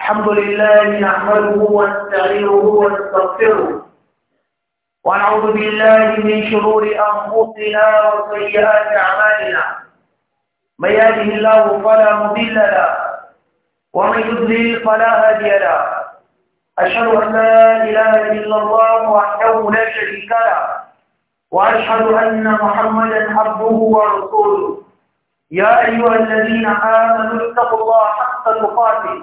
الحمد لله نحمده ونستعينه ونستغفره ونعوذ بالله من شرور انفسنا وسيئات اعمالنا من يهده الله فلا مضل له ومن يضلل فلا هادي له اشهد ان لا اله الا الله وحده لا شريك له واشهد ان محمدا عبده ورسوله يا ايها الذين امنوا اتقوا الله حق تقاته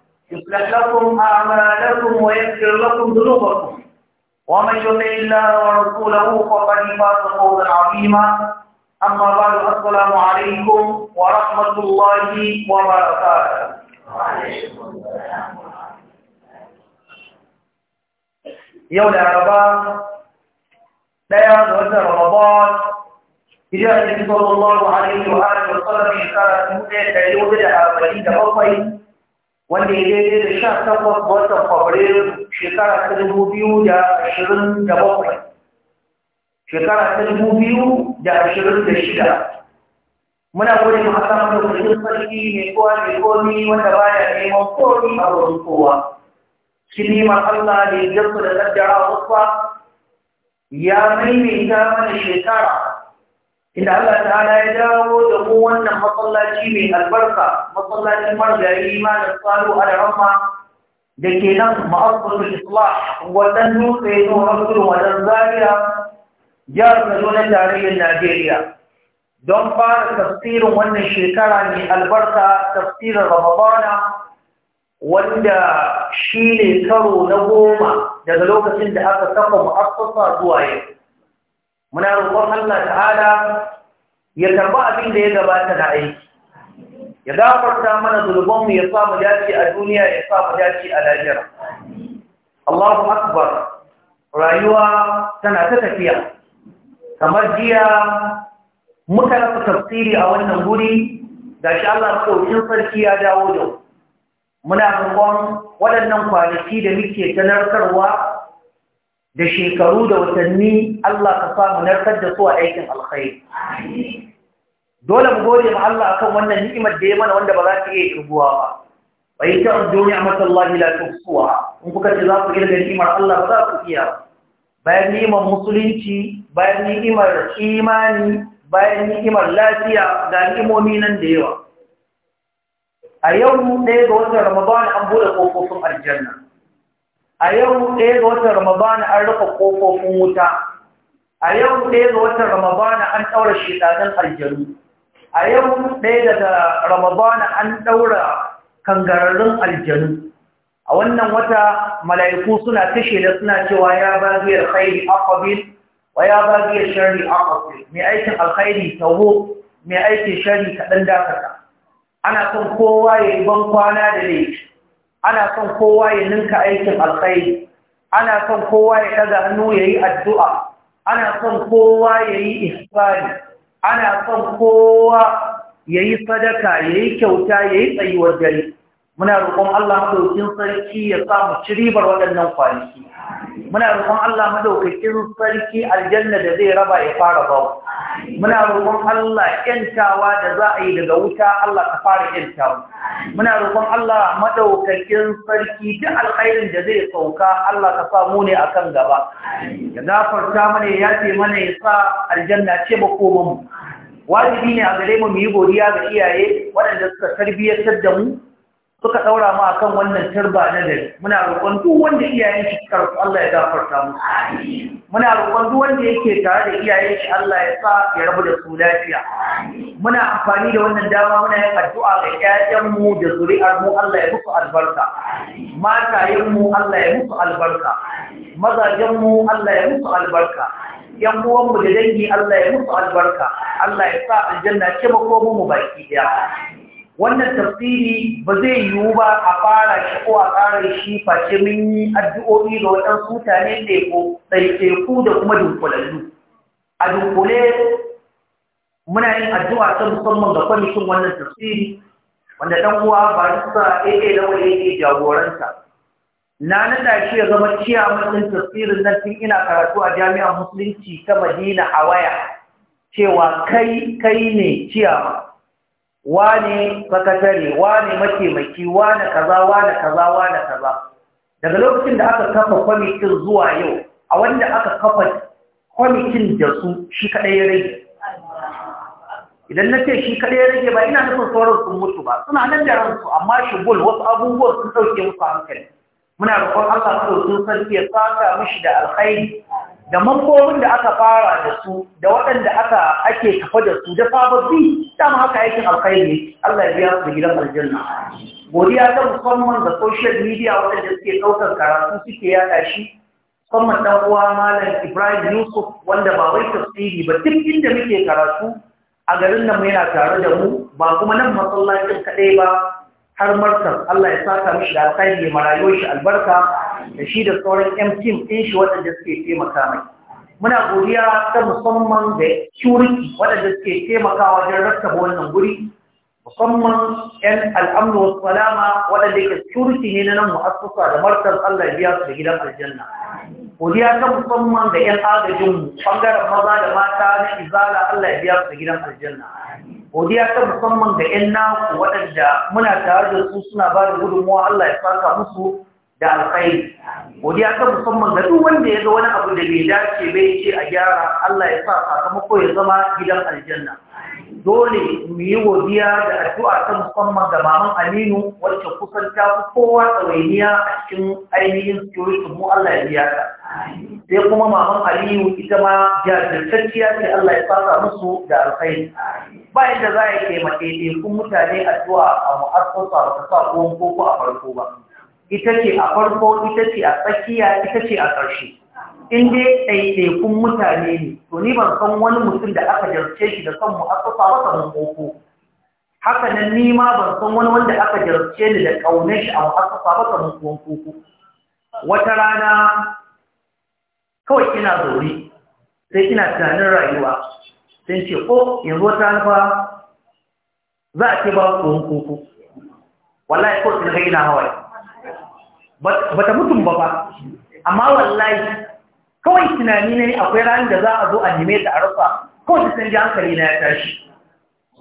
يصلح لكم أعمالكم ويغفر لكم ذنوبكم ومن يطع الله ورسوله فقد فاز فوزا عظيما أما بعد السلام عليكم ورحمة الله وبركاته يوم العرباء ديان وزن رمضان إذا النبي صلى الله عليه وآله وسلم كانت مدة تجوز الأربعين دقيقة wanda ya daidai da sha takwas watan fabrairu shekara ta dubu biyu da ashirin da bakwai shekara ta dubu biyu da ashirin da shida muna gode mu haka mana kudin sarki mai kowa mai komi wanda baya neman komi a wurin kowa shi neman allah da ya da kaddara wasu ya maimaita mana shekara inda Allah ta'ala ya dawo da mu wannan masallaci mai albarka masallacin marjayi malam a ala da ke nan ma'azzul islah wannan dutse ne wannan wajen zaria jihar Kaduna tarayyar Najeriya don fara tafsirin wannan shekara mai albarka tafsirin Ramadana wanda shi ne karo na goma daga lokacin da aka kafa mu'assasa zuwa yau muna roƙon Allah ta'ala ya karɓi abin da ya gabata na aiki ya gafarta mana zulubin mu ya sa mu dace a duniya ya sa mu dace a lahira Allahu akbar rayuwa tana ta tafiya kamar jiya muka rasa tafsiri a wannan guri shi Allah madaukin sarki ya dawo da muna roƙon waɗannan kwanaki da muke tanarkarwa da shekaru da watanni Allah ka samu narkar da su a aikin alkhairi dole mu gode ma Allah akan wannan ni'imar da ya mana wanda ba za ta iya kirguwa ba bai ta duniya masallahi la tuhsuha in kuka ce za ku kirga ni'imar Allah ba za ku iya bayan ni'imar musulunci bayan ni'imar imani bayan ni'imar lafiya ga ni'imomi nan da yawa a yau ɗaya ga watan Ramadan an bude kofofin aljanna a yau ɗaya ga watan ramadana an rufe ƙofofin wuta a yau ɗaya ga watan ramadana an ɗaura shiɗaɗen aljanu a yau ɗaya daga ramadana an ɗaura kangararrun aljanu a wannan wata mala'iku suna tashe da suna cewa ya ba bagiyar khairi akwabin wa ya ba bagiyar sharri akwabin mai aikin alkhairi taho mai aikin sharri kaɗan dakata ana son kowa ya yi ban kwana da laifi ana son kowa ya ninka aikin alkhairi ana son kowa ya ɗaga hannu ya yi addu'a ana son kowa ya yi ihsani ana son kowa ya yi sadaka ya yi kyauta ya yi tsayuwar gari muna roƙon Allah madaukakin sarki ya samu ciribar waɗannan kwanaki muna roƙon Allah madaukakin sarki aljanna da zai raba ya fara bawo muna roƙon Allah ƴantawa da za a yi daga wuta Allah ka fara muna roƙon Allah madaukakin sarki ta alkhairin da zai sauka Allah ka sa mu ne akan gaba ya gafarta mana ya ce mana ya sa aljanna ce makoman mu wajibi ne a gare mu mu yi godiya ga iyaye waɗanda suka tarbiyyantar da mu suka ɗaura mu akan wannan tarba na dare muna roƙon duk wanda iyayen shi karfi Allah ya gafarta mu muna roƙon duk wanda yake tare da iyayen shi Allah ya sa ya rabu da su lafiya muna amfani da wannan dama muna yin addu'a ga ƴaƴan mu da zuri'ar mu Allah ya musu albarka matayen mu Allah ya musu albarka mazajen mu Allah ya musu albarka yan mu da dangi Allah ya musu albarka Allah ya sa aljanna ce makomin mu baki daya wannan tafsiri ba zai yiwu ba a fara shi ko a ƙara shi face mun yi addu'o'i ga waɗansu mutane ne ko ɗaiɗaiku da kuma dunkulallu a dunkule muna yin addu'a ta musamman ga kwamishin wannan tafsiri wanda ɗan uwa ba sa ɗaiɗai da wani yake jagoranta na nada shi ya zama ciya matsayin tafsirin nan tun ina karatu a jami'ar musulunci ta madina a waya cewa kai kai ne ciyawa! wani sakatare wani mataimaki wani kaza wani kaza wani kaza daga lokacin da aka kafa kwamitin zuwa yau a wanda aka kafa kwamitin da su shi kadai ya rage idan na ce shi kadai ya rage ba ina nufin sauransu sun mutu ba suna nan da ransu amma shigul wasu abubuwan sun ɗauke musu hankali muna roƙon Allah sun san ya saka mishi da alkhairi da makomin da aka fara da su da waɗanda aka ake kafa da su da sababbi dama haka aikin alkhairi Allah ya biya su da gidan aljanna godiya ta musamman da social media waɗanda suke ɗaukar karatu suke yaɗa shi musamman ɗan uwa malam Ibrahim Yusuf wanda ba wai tafsiri ba duk inda muke karatu a garin nan yana tare da mu ba kuma nan masallacin kaɗai ba har markar Allah ya saka mishi da alkhairi ya marayo shi albarka da shi da sauran yan tim ɗin shi waɗanda suke taimaka mai muna godiya ta musamman da curiki waɗanda suke taimakawa wajen rattaba wannan guri musamman yan al'amnu wasu salama waɗanda ke curiki ne na nan mu'assasa da markar Allah ya biya su da gidan aljanna godiya ta musamman da yan agajinmu ɓangaren maza da mata na izala Allah ya biya su da gidan aljanna godiya ta musamman ga 'yan naku waɗanda muna tare da su suna ba da gudunmuwa Allah ya saka musu da alkhairi godiya ta musamman ga duk wanda ya ga wani abu da bai dace bai ce a gyara Allah ya sa sakamako ya zama gidan aljanna dole mu yi godiya da addu'a ta musamman ga maman Aminu wacce kusan ta fi kowa tsawainiya a cikin ainihin security mu Allah ya biya ta sai kuma maman Aliyu ita ma jajirtacciya ce Allah ya saka musu da alkhairi ba yadda za a yi taimake kun mutane zuwa a mu'assasa ta sa ko koko a farko ba ita ce a farko ita ce a tsakiya ita ce a ƙarshe in dai kun mutane ne to ni ban san wani mutum da aka jarce shi da son mu'assasa ba samun koko haka nan ni ma ban san wani wanda aka jarce ni da ƙaunar shi a mu'assasa ba samun ruwan koko wata rana kawai ina zaure sai ina tunanin rayuwa sai ce ko oh, yanzu wata alfa za a ce ba ku hukuku wallahi ko ina ga na hawaye ba ta mutum ba ba amma wallahi kawai tunani ne akwai ranar da za a zo a nime ta a rufa kawai sun ji hankali na ya tashi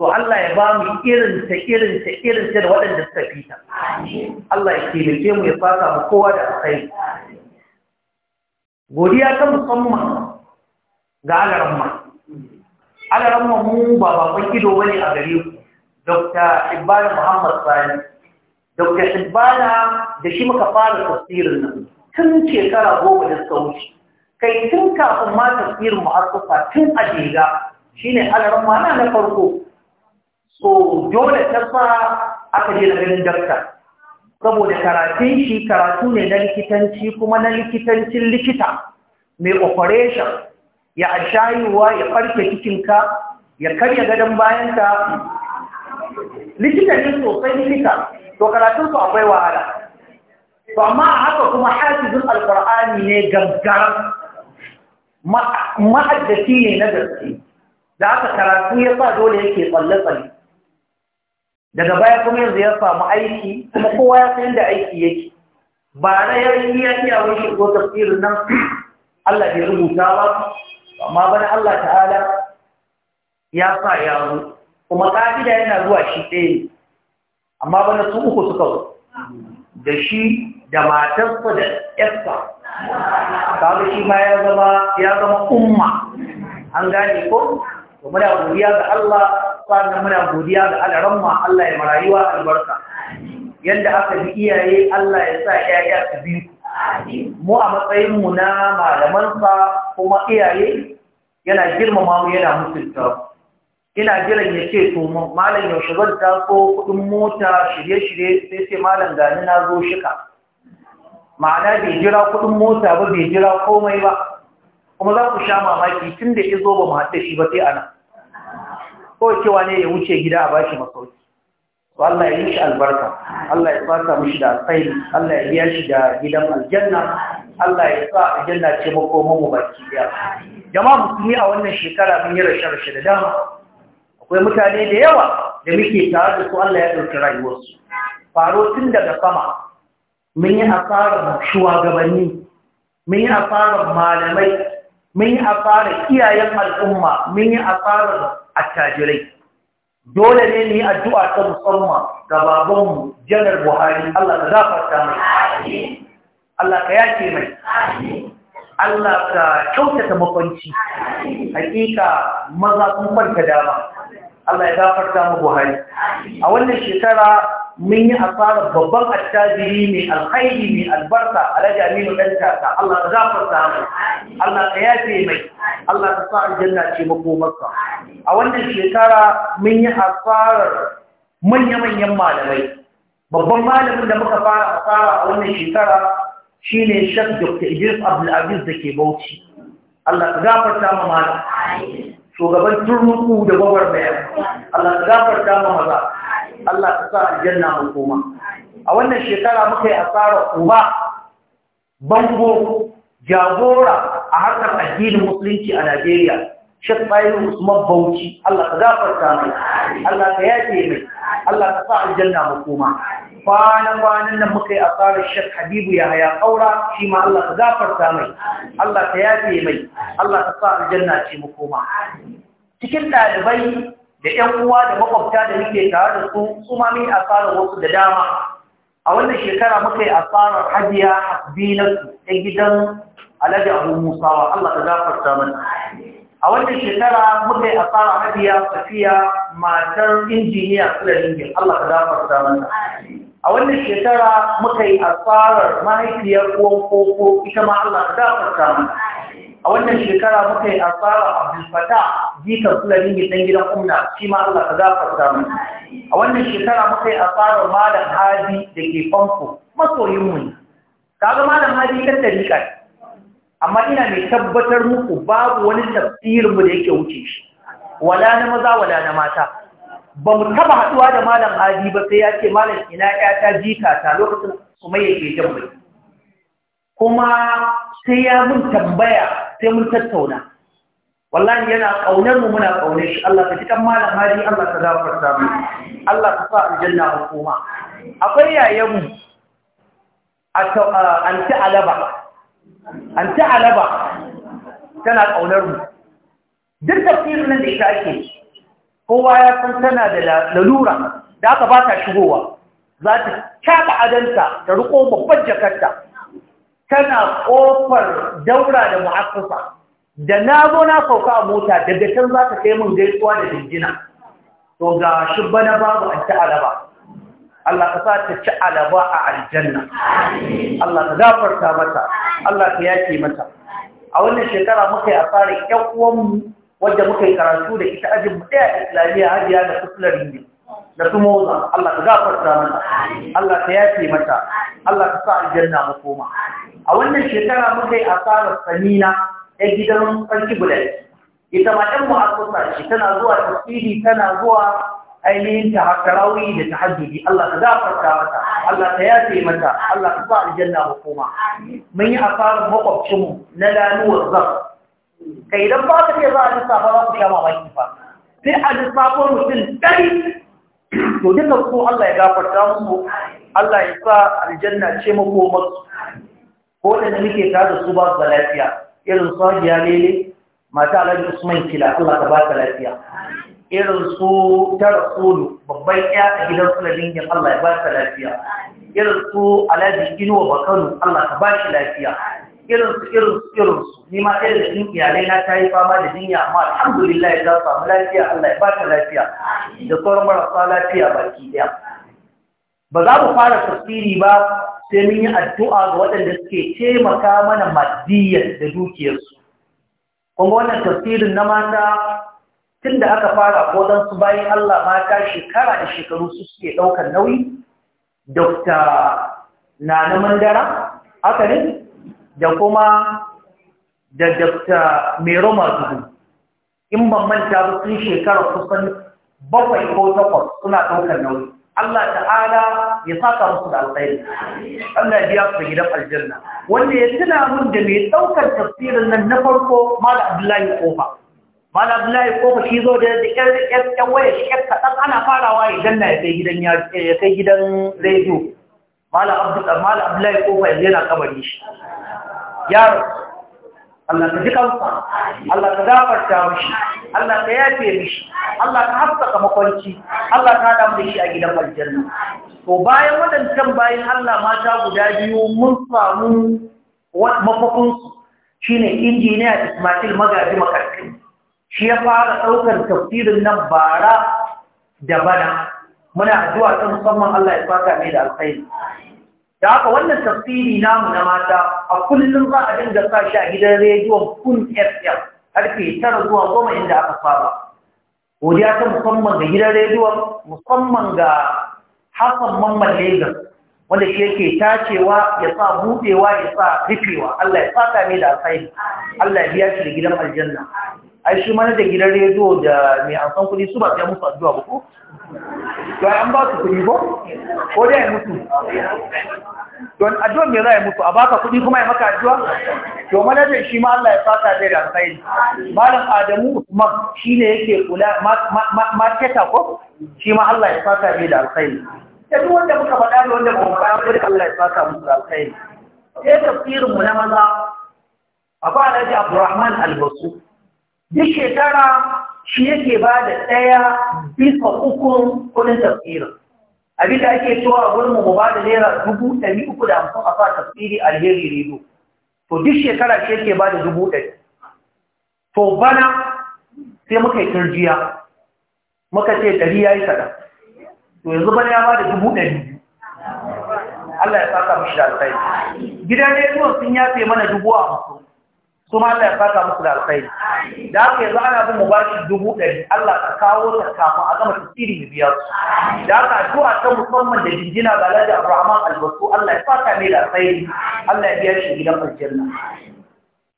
So Allah ya ba mu irin ta irin ta irin ta da waɗanda suka fi ta Allah ya taimake mu ya fasa mu kowa da sai godiya ta musamman ga alarma ala ramma mu ba bakon ido bane a gare ku dr ibbana muhammad sani dr ibbana da shi muka fara tafsirin nan tun shekara goma da suka wuce kai tun kafin ma tafsirin mu'assasa tun a jega shine ana na na farko so dole ta sa aka je da ganin dakta saboda karatun shi karatu ne na likitanci kuma na likitancin likita mai operation ya shayuwa ya farke cikinka ya karya gadon bayanka likita ne sosai likita to karatunsu akwai wahala to amma a haka kuma hafizin alkur'ani ne gaggaran ma'addaci ne na gaske da haka karatu ya sa dole yake tsalle-tsalle daga baya kuma yanzu ya samu aiki kuma kowa ya san da aiki yake ba na yi ya tiya wani shigo tafsirin nan Allah bai rubuta ba amma bana Allah ta'ala ya sa ya kuma ƙa'ida yana zuwa shi ɗaya amma bana su uku suka zo da shi da matarsa da ƴarsa kaga shi ma ya zama ya zama umma an gane ko to muna godiya ga Allah sannan muna godiya ga al'amma Allah ya marayuwa albarka Yadda aka bi iyaye Allah ya sa ƴaƴa su biyu mu a matsayinmu na malamansa kuma iyaye yana girmama mu yana mutunta ina jiran ya ce to malam yaushe zan taso kudin mota shirye-shirye sai ce malam gani na zo shika ma'ana bai jira kudin mota ba bai jira komai ba kuma za ku sha mamaki tunda da zo ba mu hatta shi ba sai ana kawai cewa ne ya wuce gida a bashi masauki to Allah ya yi shi albarka Allah ya fata mishi da alkhairi Allah ya biya shi da gidan aljanna Allah ya sa aljanna ce makoman mu baki daya jama'a musulmi a wannan shekara mun yi rashe-rashe da dama akwai mutane da yawa da muke tare da su Allah ya ɗauki su faro tun daga sama mun yi asarar shugabanni mun yi asarar malamai mun yi asarar iyayen al'umma mun yi asarar attajirai dole ne ni addu'a ta musamman ga babanmu janar buhari Allah ka zafarta mai Allah ka yake mai Allah ka kyautata makwanci hakika maza sun kwanta dama Allah ya zafarta mu buhari a wannan shekara mun yi asarar babban attajiri mai alkhairi mai albarka alhaji aminu dan kaka Allah ka gafarta mai Allah ka yafe mai Allah ka sa aljanna ce makomarsa a wannan shekara mun yi asarar manya-manyan malamai babban malamin da muka fara asara a wannan shekara shine Sheikh Dr. Idris Abdul Aziz da ke Bauchi Allah ka gafarta ma malam shugaban turnuku da gwagwarmaya Allah ka gafarta ma maza Allah ta sa aljanna mu koma a wannan shekara muka yi asara uba, bango jagora a harkar addinin musulunci a Najeriya Sheikh Bayin Usman Bauchi Allah ka gafarta mai Allah ka yafe mai Allah ta sa aljanna mu koma kwanan kwanan nan muka yi asarar Sheikh Habibu Yahaya Kaura shi ma Allah ka gafarta mai Allah ka yafe mai Allah ta sa aljanna ce mu koma cikin ɗalibai da ‘yan uwa da makwabta da nike tare da su kuma ma asarar wasu da dama a wannan shekara muka yi asarar hajiya binarsu, ta gidan alhaji abu musawa Allah ta zafarta mana a wannan shekara muka yi asarar hajiya safiya matar injiniya sularingin Allah ta zafarta mana a wannan shekara muka yi asarar mahaifiyar uwan koko ita ma Allah ta zafarta mana a wannan shekara muka yi asara abdulfata jikar fulani mai ɗan gidan umna shi ma Allah ka mu a wannan shekara muka yi asarar malam hadi da ke famfo masoyin mu kaga malam hadi kan tarika amma ina mai tabbatar muku babu wani tafsirinmu mu da yake wuce shi wala na maza wala na mata ba mu taba haduwa da malam hadi ba sai ya ce malam ina ƴata jika ta lokacin kuma yake jin kuma sai ya mun tambaya sai mun tattauna wallahi yana kaunar mu muna kaunar shi Allah ka cikan malam hari Allah ka gafarta mu Allah ka sa aljanna hukuma akwai yayan mu anti alaba anti alaba tana kaunar mu duk tafsirin nan da ita ake kowa ya san tana da lalura da aka ba ta shigowa za ta kaɗa adanta ta riko babban jakarta tana ƙofar daura da mu'assasa da na zo na sauka a mota daga can za ta kai min gaisuwa da jinjina to ga shi bana babu an ci alaba Allah ka sa ta ci alaba a aljanna Allah ka gafarta mata Allah ka yake mata a wannan shekara muka yi a fara ƴan uwanmu wadda muka yi karatu da ita ajin mu ɗaya islamiyya hajiya da kusurar yi. da su moza Allah ka gafarta mata Allah ka yake mata Allah ka sa aljanna mu koma a wannan shekara muka yi asarar samina ta gidan sarki bulai ita ma ɗan mu'assasa ce tana zuwa tafsiri tana zuwa ainihin ta hakarawi da ta hajjuji Allah ka zafarta mata Allah ta yafe mata Allah ka sa aljanna koma. mun yi asarar makwabcinmu na laluwar zan kai idan ba ka ce za a lissafa za ku sha mamaki ba sai a lissafo mutum ɗari to duka ko Allah ya gafarta mu Allah ya sa aljanna ce makomarsu ko da muke ta da su ba su da lafiya irin su hajiya lele mata alhaji usman kila allah ta ba ta lafiya irin su tara Kulu, babban ya a gidan su yin allah ya ba ta lafiya irin su alhaji inuwa bakano allah ta ba shi lafiya irin su irin su irin su ni ma ɗaya da ɗin iyalai na ta yi fama da jinya amma alhamdulillah ya samu lafiya allah ya ba ta lafiya da sauran marasa lafiya baki ɗaya ba za mu fara tafsiri ba sai mun yi addu'a ga waɗanda suke taimaka mana maddiyar da dukiyarsu. Kuma wannan tafsirin na mata tun da aka fara ko don su bayan Allah mata shekara da shekaru su suke ɗaukar nauyi, Dr. Nana Mandara, aka ne, da kuma da Dr. Mero Mazuhu. In ban manta sun shekara kusan bakwai ko takwas suna ɗaukar nauyi. Allah ta'ala ya saka musu da alƙairi Allah ya biya su gidan aljanna wanda ya tuna mun da mai daukar tafsirin nan na farko Malam Abdullahi Kofa Malam Abdullahi Kofa shi zo da yan yan waya shi yan kaɗan ana farawa ya ganna ya kai gidan ya kai gidan rediyo Malam Abdullahi Kofa yanzu yana kabari shi ya Allah ka ji kansa Allah ka gafarta mishi Allah ka yafe mashi, Allah ka haskaka makwanci Allah ka hada da shi a gidan aljanna to bayan waɗancan bayan Allah mata guda biyu mun samu mafakun shi shine injiniya Ismail Magaji Makarfi shi ya fara ɗaukar tafsirin nan bara da bana muna addu'a ta musamman Allah ya saka mai da alkhairi da haka wannan tafsiri namu na mata a kullum za a dinga sa shi a gidan rediyo kun fm karfe tara zuwa goma inda aka saba godiya ta musamman ga gidan rediyon musamman ga hassan mamman lagos wanda shi yake tacewa ya sa buɗewa ya sa rufewa allah ya saka mai da asai allah ya biya shi da gidan aljanna ai shi mana da gidan rediyo da mai san kuɗi su ba sai musu addu'a ba ko to an ba su kuɗi ko ko dai ya mutu don addu'a me za ya mutu a baka kuɗi kuma ya maka addu'a to manajan shi ma Allah ya saka zai da alkhairi malam Adamu kuma shine yake kula marketa ko shi ma Allah ya saka zai da alkhairi da duk wanda muka faɗa da wanda ba mu faɗa da Allah ya saka musu alkhairi sai tafsirin mu na maza akwai Alhaji Abdurrahman Albasu duk shekara shi yake ba da ɗaya bisa ukun kudin tafsirin abin da ake cewa a gurin mu ba da naira dubu ɗari uku da hamsin a sa tafsiri alheri rido to duk shekara shi yake ba da dubu ɗari to bana sai muka yi turjiya muka ce ɗari ya yi kaɗan to yanzu bana ya ba da dubu ɗari Allah ya saka mishi da alkhairi gidan rediyon sun yafe mana dubu a hamsin su ma Allah ya saka musu da alkhairi da haka yanzu ana bin mubarak dubu ɗari Allah ka kawo ta kafin a gama tasiri mu biya su da haka addu'a ta musamman da jinjina ga Alhaji Abdulrahman Albasu Allah ya saka mai da alkhairi Allah ya biya shi gidan aljanna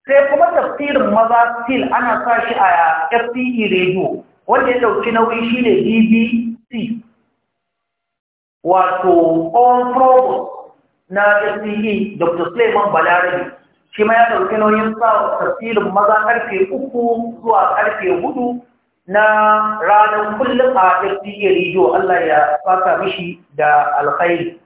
sai kuma tafsirin maza til ana sa shi a FCE radio wanda ya dauki nauyi shine BBC wato on provost na FCE Dr. Suleiman Balarabi shi ma ya ɗauki nauyin sa tafsirin maza ƙarfe uku zuwa ƙarfe hudu na ranar kullum a ƙarfiye rijiyo Allah ya fata mishi da alkhairi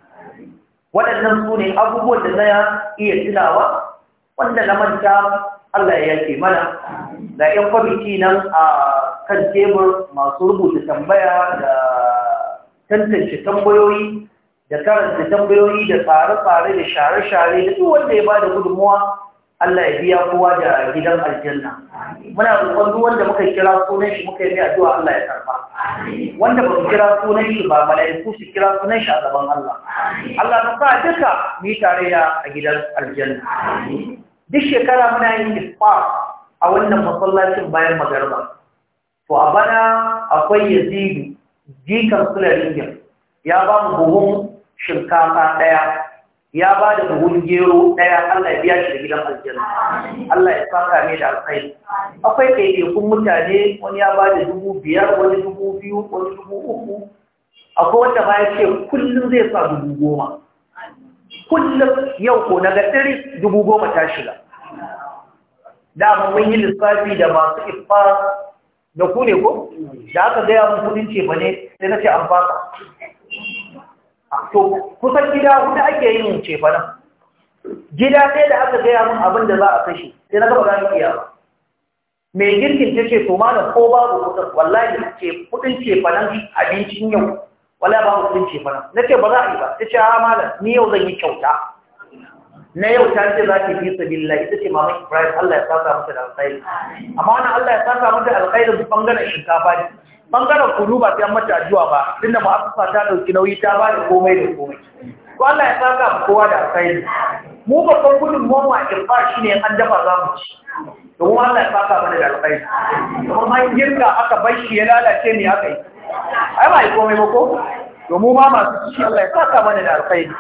waɗannan su ne abubuwan da zaya iya tunawa wanda na manta Allah ya yake mana da 'yan kwamiti nan a kan tebur masu rubuta tambaya da tantance tambayoyi da da tambayoyi da tsare-tsare da share-share da duk wanda ya ba da gudunmuwa Allah ya biya kowa da gidan aljanna muna roƙon duk wanda muka kira sunan shi muka yi addu'a Allah ya karba wanda ba kira sunan shi ba mala'iku su kira sunan shi a gaban Allah Allah ta sa duka mu tarayya a gidan aljanna duk shekara muna yin isfa a wannan masallacin bayan magarba to a bana akwai yazidu jikan sularin ya ba mu buhun shinkafa ɗaya ya ba da buhun gero ɗaya Allah ya biya shi da gidan aljanna Allah ya saka ne da alkhairi akwai ɗaiɗaikun mutane wani ya ba da dubu biyar wani dubu biyu wani dubu uku akwai wanda ba ya ce kullum zai sa dubu goma kullum yau ko na ga ɗari dubu goma ta shiga Da mun yi lissafi da masu ifa da ku ne ko da aka gaya mun kudin ce ba ne sai na ce an baka. to kusan gida hudu ake yin cefanen gida sai da aka gaya min abin da za a kashe sai na gaba za mu iya ba mai girkin ta ce to malam ko babu kudin wallahi ce kudin cefanen abincin yau wallahi babu kudin cefanen na ce ba za a yi ba ta ce ha malam ni yau zan yi kyauta na yau ta ce za ki fi sabilla ita ce Mama ibrahim allah ya saka mata da alkhairi amma wannan allah ya saka mata alkhairin bangaren shinkafa ne bangaren kudu ba sai mata juwa ba tunda mu'assasa ta dauki nauyi ta ba da komai da komai ko Allah ya saka mu kowa da alkhairi mu babban gudun ba shi ne an dafa za mu ci to mu Allah ya saka mana da alkhairi kuma an girka aka bar shi ya lalace ne aka yi ai ba komai ba ko to mu ma masu ci Allah ya saka mana da alkhairi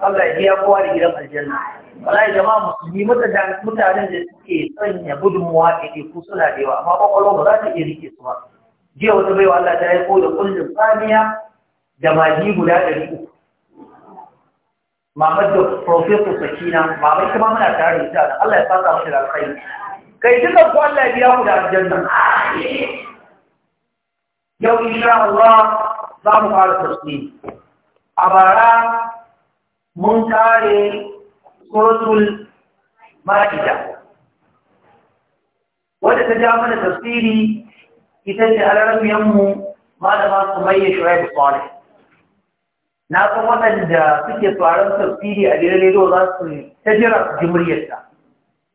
Allah ya biya kowa da gidan aljanna wallahi jama'a musulmi mutanen da suke sanya gudunmuwa da ke suna da yawa amma kwakwalwa ba za ta iya rike su ba jiya wata baiwa Allah ta ko da kullum saniya da maji guda ɗari uku mamar da profesor sakina ita kuma muna tare da ita Allah ya fasa mata da alkhairi kai duka ku Allah ya biya ku da aljanna yau insha Allah za mu fara tafsiri a bara mun kare suratul ma'ida wadda ta ja mana tafsiri ita ce alarmiyanmu malama su maye shuwaibu salih na san waɗanda suke tsoron tafsiri a gidan rediyo za su ta jira su ji muryarta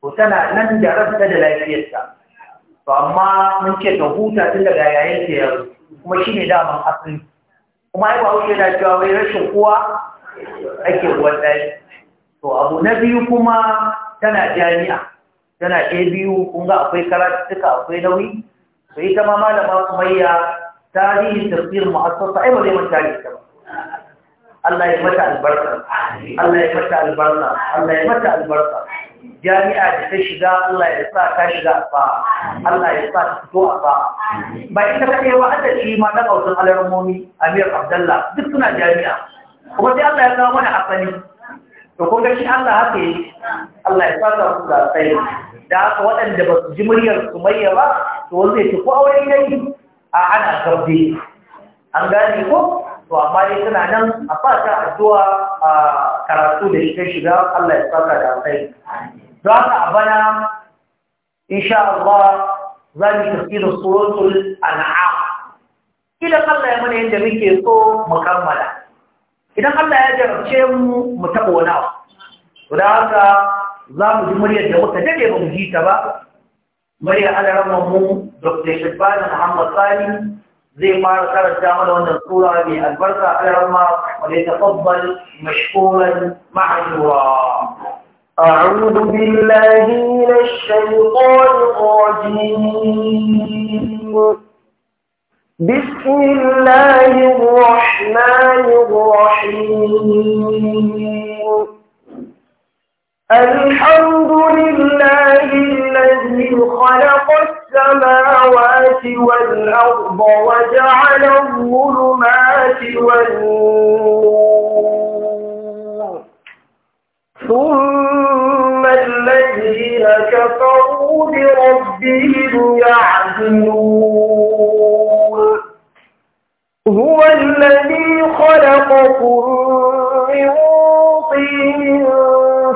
ko tana nan da rasta da lafiyarta to amma mun ce ta huta tun daga yayin ke kuma shi ne daman asali kuma yi ba ke cewa wai rashin kuwa? ake ruwan ɗaya to abu na biyu kuma tana jami'a tana ɗaya biyu kun ga akwai karatuka akwai nauyi to ita ma malama sumayya tarihin tafsir mu'assasa ai ba zai manta ta ba Allah ya mata albarka Allah ya mata albarka Allah ya mata albarka jami'a da ta shiga Allah ya sa ta shiga fa Allah ya sa ta fito a fa ba ita ta kai wa da shi ma na kausun alarmomi Amir Abdullah duk suna jami'a kuma sai Allah ya kawo mana asali to kun ga shi Allah haka yi Allah ya sa ta su da sai da haka waɗanda ba su ji muryar sumayya ba to wanda ya ce ko aure kai a ana karbe an gane ko to amma dai suna nan a fata addu'a a karatu da ita shiga Allah ya saka da sai za ka a bana insha Allah za mu tafsir suratul an'am idan Allah ya mana yadda muke so mu kammala idan Allah ya jarabce mu mu taɓa wani abu to da haka za mu ji muryar da muka dade ba mu ji ta ba muryar alarman mu dr shibban muhammad sani zai fara karanta mana wannan sura mai albarka alarma wanda ya tafabbal mashkuran ma'ajura أعوذ بالله من الشيطان الرجيم بسم الله الرحمن الرحيم الحمد لله الذي خلق السماوات والأرض وجعل الظلمات والنور ثم الذين كفروا بربهم يعدلون هو الذي خلقكم من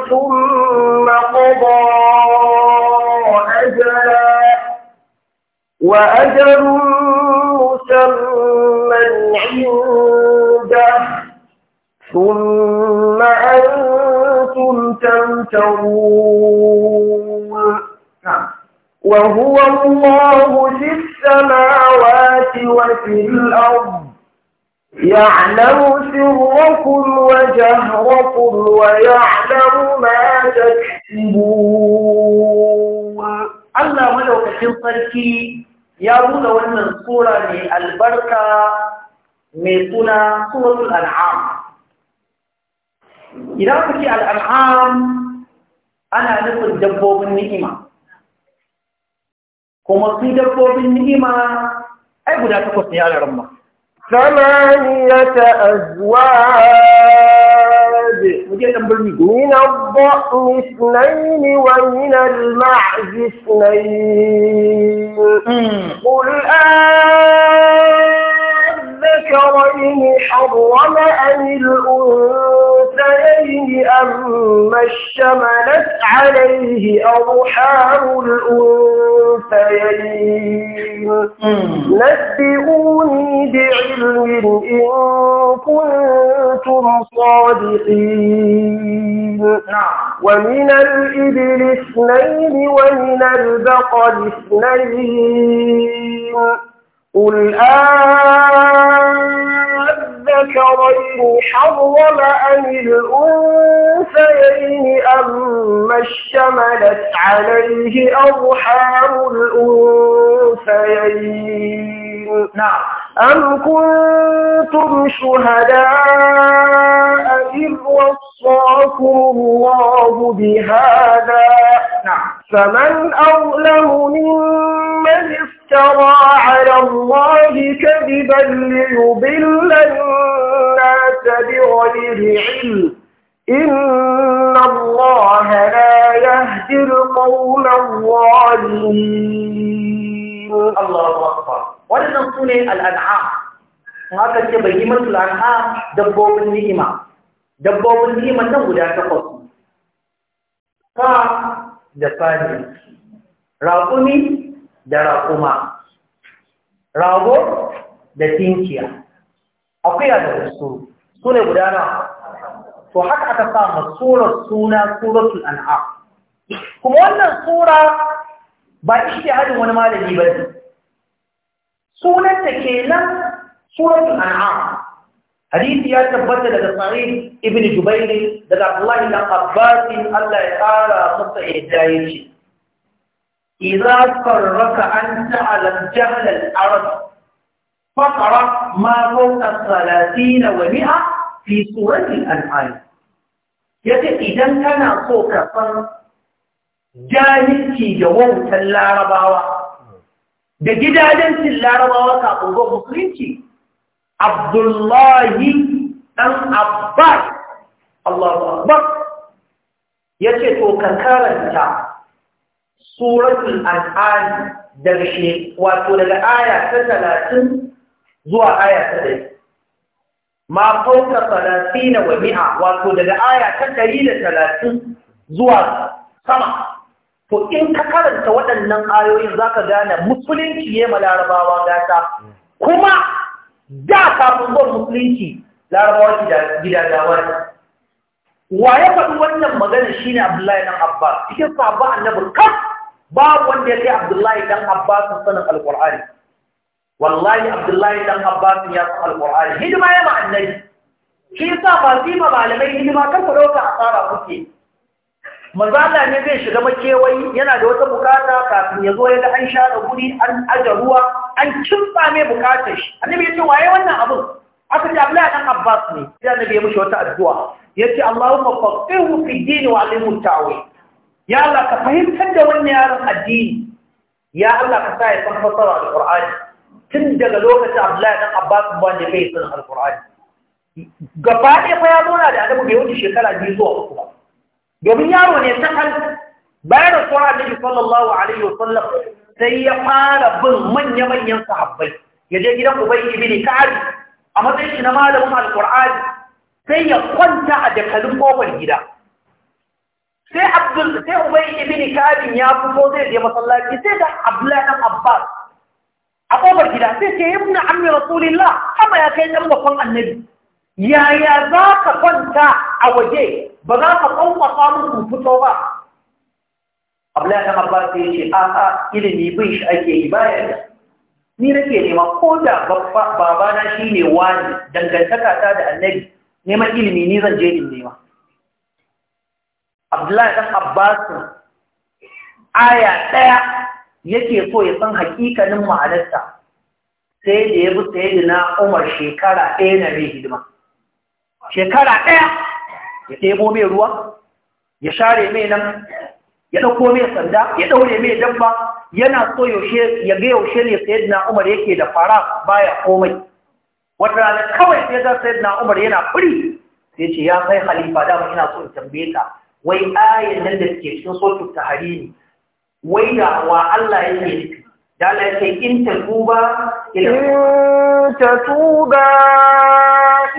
ثم قضى أجلا وأجل مسمى عنده ثم أنتم تمترون نعم. وهو الله في السماوات وفي الأرض يعلم سركم وجهركم ويعلم ما تكسبون الله ملوكتين صركي يا رونا وانا الصورة للبركة البركة من سنة سورة الأنعام إذا كنت الأنعام أنا نفس دبوب النئمة كما في دبوب النئمة أي بدأت تكون سيارة ثمانية أزواج من الضأن اثنين ومن المعز اثنين قل آه الذكرين حرم أم الأنثيين أَمَّا اشتملت عليه أرحام الأنثيين نبئوني بعلم إن كنتم صادقين ومن الإبل اثنين ومن البقر اثنين قل أذكرين حرم أم الأنثيين أم اشتملت عليه أرحام الأنثيين نعم أم كنتم شهداء إذ وصاكم الله بهذا نعم فمن أظلم ممن افترى على الله كذبا ليضل الناس بغير علم إن الله لا يهدي القوم الظالمين الله أكبر ولنصوني الأنعام هذا كبهيمة الأنعام دبوب النعمة dabbobin liman nan guda takwas ka da fani raƙumi da raƙuma rago da tinkiya Akwai da su, su ne guda na to haka aka samu surar suna suratul an'a kuma wannan sura ba ishe hadin wani malami ba ne sunanta kenan suratul an'a hadisi ya tabbata daga sa'id ibn jubair daga abdullah ibn abbas Allah ya kara masa yadda yace idza farraka anta ala jahl al arab faqra ma fawqa 30 wa fi surati al an'am yace idan kana so ka san jahilci da wautan larabawa da gidajen larabawa kafin zuwa musulunci Abdullahi ɗan Abbas, Allahu Akbar, ya ce to ka karanta suratul al'ani daga shi wato daga aya ta talatin zuwa aya ta ɗari. Ma fauka talatina wa mi'a wato daga aya ta ɗari da talatin zuwa sama. To in ka karanta waɗannan ayoyin za ka gane musulunci ya ma larabawa gata, kuma da kafin zuwan musulunci larabawa gida dawa ne wa ya faɗi wannan magana shi ne abdullahi ɗan Abba? cikin sabba annabin kan babu wanda ya kai abdullahi ɗan Abba sun sanin alƙur'ani wallahi abdullahi ɗan sun ya san alƙur'ani hidima ya ma shi yasa su yi ma malamai hidima kan ku a asara kuke manzala ne zai shiga makewayi yana da wata bukata kafin ya zo ya ga an sha guri an aje ruwa an kimba mai bukatar shi annabi ya ce waye wannan abin aka ce Abdullahi dan Abbas ne sai annabi ya mishi wata addu'a yace Allahumma faqihu fi din wa alimhu ta'wil ya Allah ka fahimtar da wannan yaron addini ya Allah ka sa ya san fasara alqur'ani tun daga lokacin Abdullahi dan Abbas ba ne bai san alqur'ani gaba ɗaya fa ya zo na da annabi bai wuce shekara biyu zuwa uku domin yaro ne ta sakan bayan rasuwar annabi sallallahu alaihi wasallam sai ya fara bin manya-manyan sahabbai ya je gidan ubai ibn ka'ab a matsayin shi na malamin alqur'ani sai ya kwanta a dakalin kofar gida sai abdul sai ubai ibn ka'ab ya fito zai je masallaci sai da Abdullahi dan abbas a kofar gida sai ce ibn ammi rasulillah haba ya kai dan bakon annabi yaya za ka kwanta a waje ba za ka kwankwasa musu fito ba abla ba abba yi ce a a ilimi bin shi ake yi bayan da ni nake nema ko da babana shi ne wani dangantaka ta da annabi neman ilimi ni zan je in nema abdullahi dan abbas aya ɗaya yake so ya san hakikanin ma'anarsa sai da ya bi na umar shekara ɗaya na mai hidima shekara ɗaya ya ɗebo mai ruwa ya share mai nan ya ɗauko mai sanda ya ɗaure mai dabba yana so yaushe ya ga yaushe ne sai na umar yake da fara baya komai wata rana kawai sai ga sai na umar yana firi sai ce ya kai halifa dama ina so in tambaye ka wai ayan nan da suke cikin sotu ta hari ne wai da wa Allah yake nufi dala ce in tatuba ila in tatuba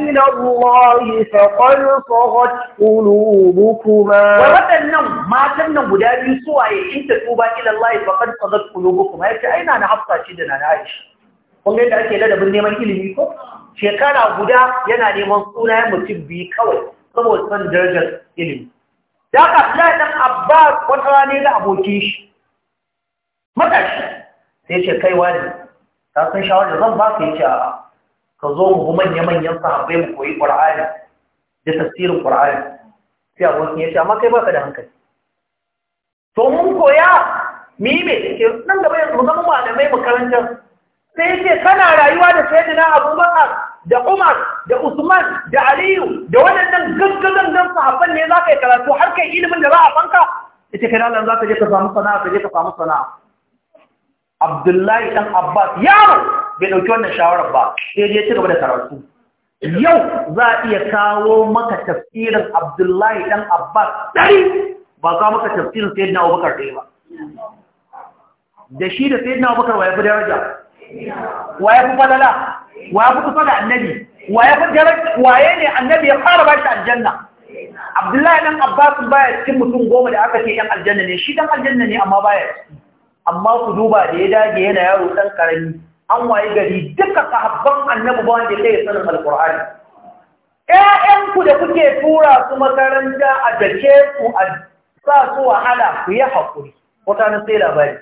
ila Allah fa qad saghat qulubukuma wadan nan matan nan guda biyu suwa ya in tatuba ila Allah fa qad saghat qulubukuma yace aina na hafsa shi da na Aisha kun ga yadda ake ladabin neman ilimi ko shekara guda yana neman sunayen mutum biyu kawai saboda san darajar ilimi da ka tsaya Abbas wata rana ne da abokin shi matashi sai ce kai wani ta san shawarar zan ba ka yi a ka zo mu manya-manyan sahabbai mu koyi ƙur'ani da tafsirin ƙur'ani sai abokin ya ce amma kai baka da hankali to mun koya mu yi mai ke nan gaba yanzu zama malamai makarantar sai ce kana rayuwa da dina abubakar da umar da usman da aliyu da waɗannan gaggagangan sahabban ne za ka yi karatu har kai ilimin da za a fanka? ita kai nan za ka je ka samu sana'a ka je ka samu sana'a abdullahi ɗan abbas yaro bai ɗauki wannan shawarar ba sai ya ci gaba da karatu yau za a iya kawo maka tafsirin abdullahi ɗan abbas ɗari ba za maka tafsirin sai na abubakar ɗaya ba da shi da sai na abubakar wa ya fi daraja wa ya fi falala wa ya fi kusa da annabi wa ya fi daraja waye ne annabi ya fara ba shi aljanna abdullahi ɗan abbas baya cikin mutum goma da aka ce ɗan aljanna ne shi ɗan aljanna ne amma baya ciki amma ku duba da ya dage yana yaro ɗan ƙarami an wayi gari duka sahabban annabi ba wanda ya sanin alƙur'ani ƴaƴanku da kuke tura su makaranta a dace ku a sa su wahala ku yi haƙuri wata na sai labari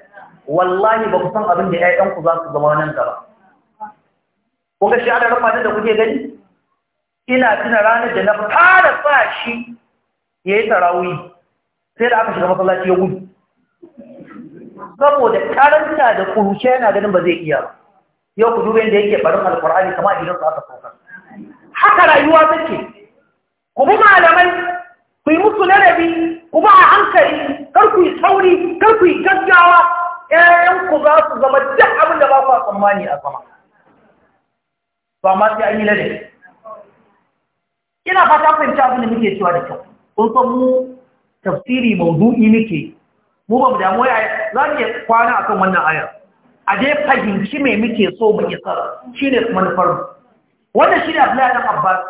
wallahi ba ku san abin da ƴaƴanku za su zama nan gaba ko ga shi adadin matan da kuke gani ina tuna ranar da na fara sa shi yayi yi tarawih sai da aka shiga masallaci ya gudu saboda karanta da kurushe yana ganin ba zai iya yau ku duba yadda yake barin alkur'ani kama a gidansu aka saukar haka rayuwa take ku bi malamai ku yi musu larabi ku ba a hankali kar ku yi sauri kar ku yi gaggawa ƴaƴan ku za su zama duk abin da ba ku tsammani a sama ba ma sai an yi ladabi ina fata fahimci abin da muke cewa da kyau kun san mu tafsiri maudu'i muke mu ba mu damu ya za mu iya kwana akan wannan ayar. a dai fahimci me muke so mu yi sar shine manufar wannan shine Abdullahi dan Abbas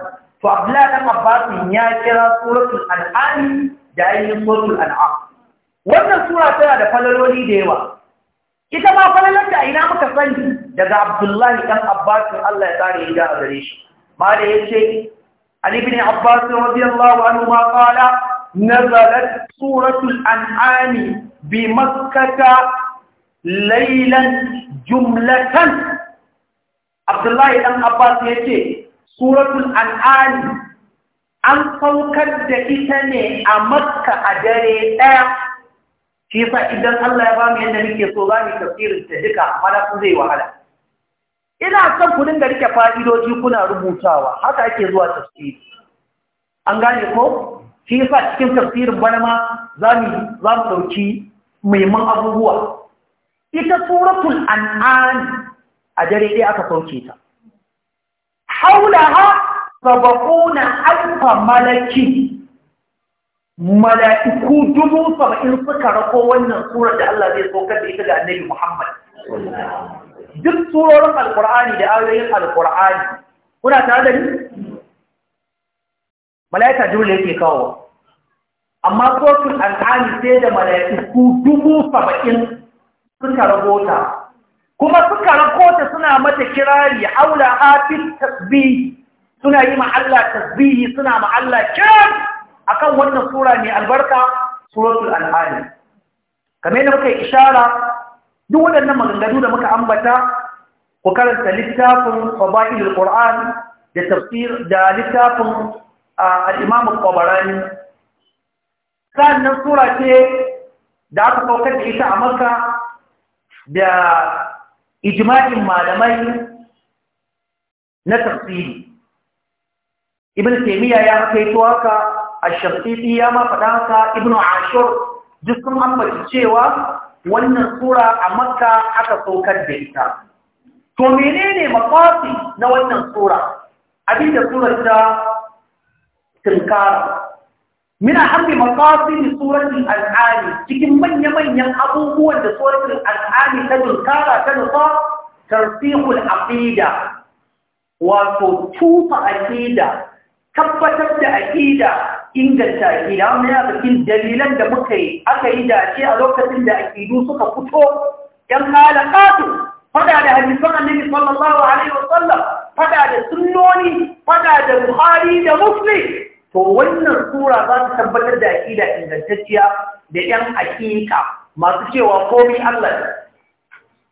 to Abdullahi Abbas ya kira suratul an'am da ayin suratul al'am. wannan sura tana da falaloli da yawa ita ma falalar da ina muka sani daga Abdullahi dan Abbas Allah ya tsare ya a gare shi ma da yace Ali ibn Abbas radiyallahu anhu ma qala نزلت سورة الأنعام بمكة ليلا جملة عبد الله بن عباس يتي سورة الأنعام an saukar da ita ne a makka a dare ɗaya shi sa idan Allah ya ba mu yadda muke so za mu tafsirin ta duka amma su zai wahala ina son ku dinga rike fa'idoji kuna rubutawa haka ake zuwa tafsiri an gane ko shi yasa cikin tafsirin bana ma za mu za mu dauki muhimman abubuwa ita suratul an'am a dare ɗaya aka sauke ta haulaha sabaquna alfa malaki mala'iku dubu saba'in suka rako wannan surar da Allah zai saukar da ita ga annabi Muhammad duk surorin alkur'ani da ayoyin alkur'ani kuna tare da ni malaika jibril yake kawo amma kotun al'ani sai da malaiku dubu saba'in suka rabota kuma suka kota suna mata kirari haula hafin tasbihi suna yi ma'alla tasbihi suna ma'alla kiran akan wannan sura mai albarka suratul al'ani kamar yadda muka yi ishara duk waɗannan maganganu da muka ambata ku karanta littafin fada'il qur'an da tafsir da littafin a Al'imamin kwabarani. sannan sura ce da aka saukar da ita a Makka da ijimajin malamai na tafsiri Ibn taimiyya ya yi tuwaka a shafii ya ma faɗa haka Ibn Ashur duk sun ambaci cewa wannan sura a Makka aka saukar da ita to menene maqasi na wannan sura abinda surar ta tinkara mina hamdi ne suratun an'am cikin manya manyan abubuwan da suratul an'am ta tinkara ta nufa tarsihul aqida wato tufa aqida tabbatar da aqida inganta aqida wannan ya cikin dalilan da muka yi aka yi dace a lokacin da aqidu suka fito yan halaqatu fada da hadisan annabi sallallahu alaihi wasallam fada da sunnoni fada da buhari da muslim to wannan sura za ta tabbatar da aƙida ingantacciya da ‘yan aƙiƙa masu cewa komi Allah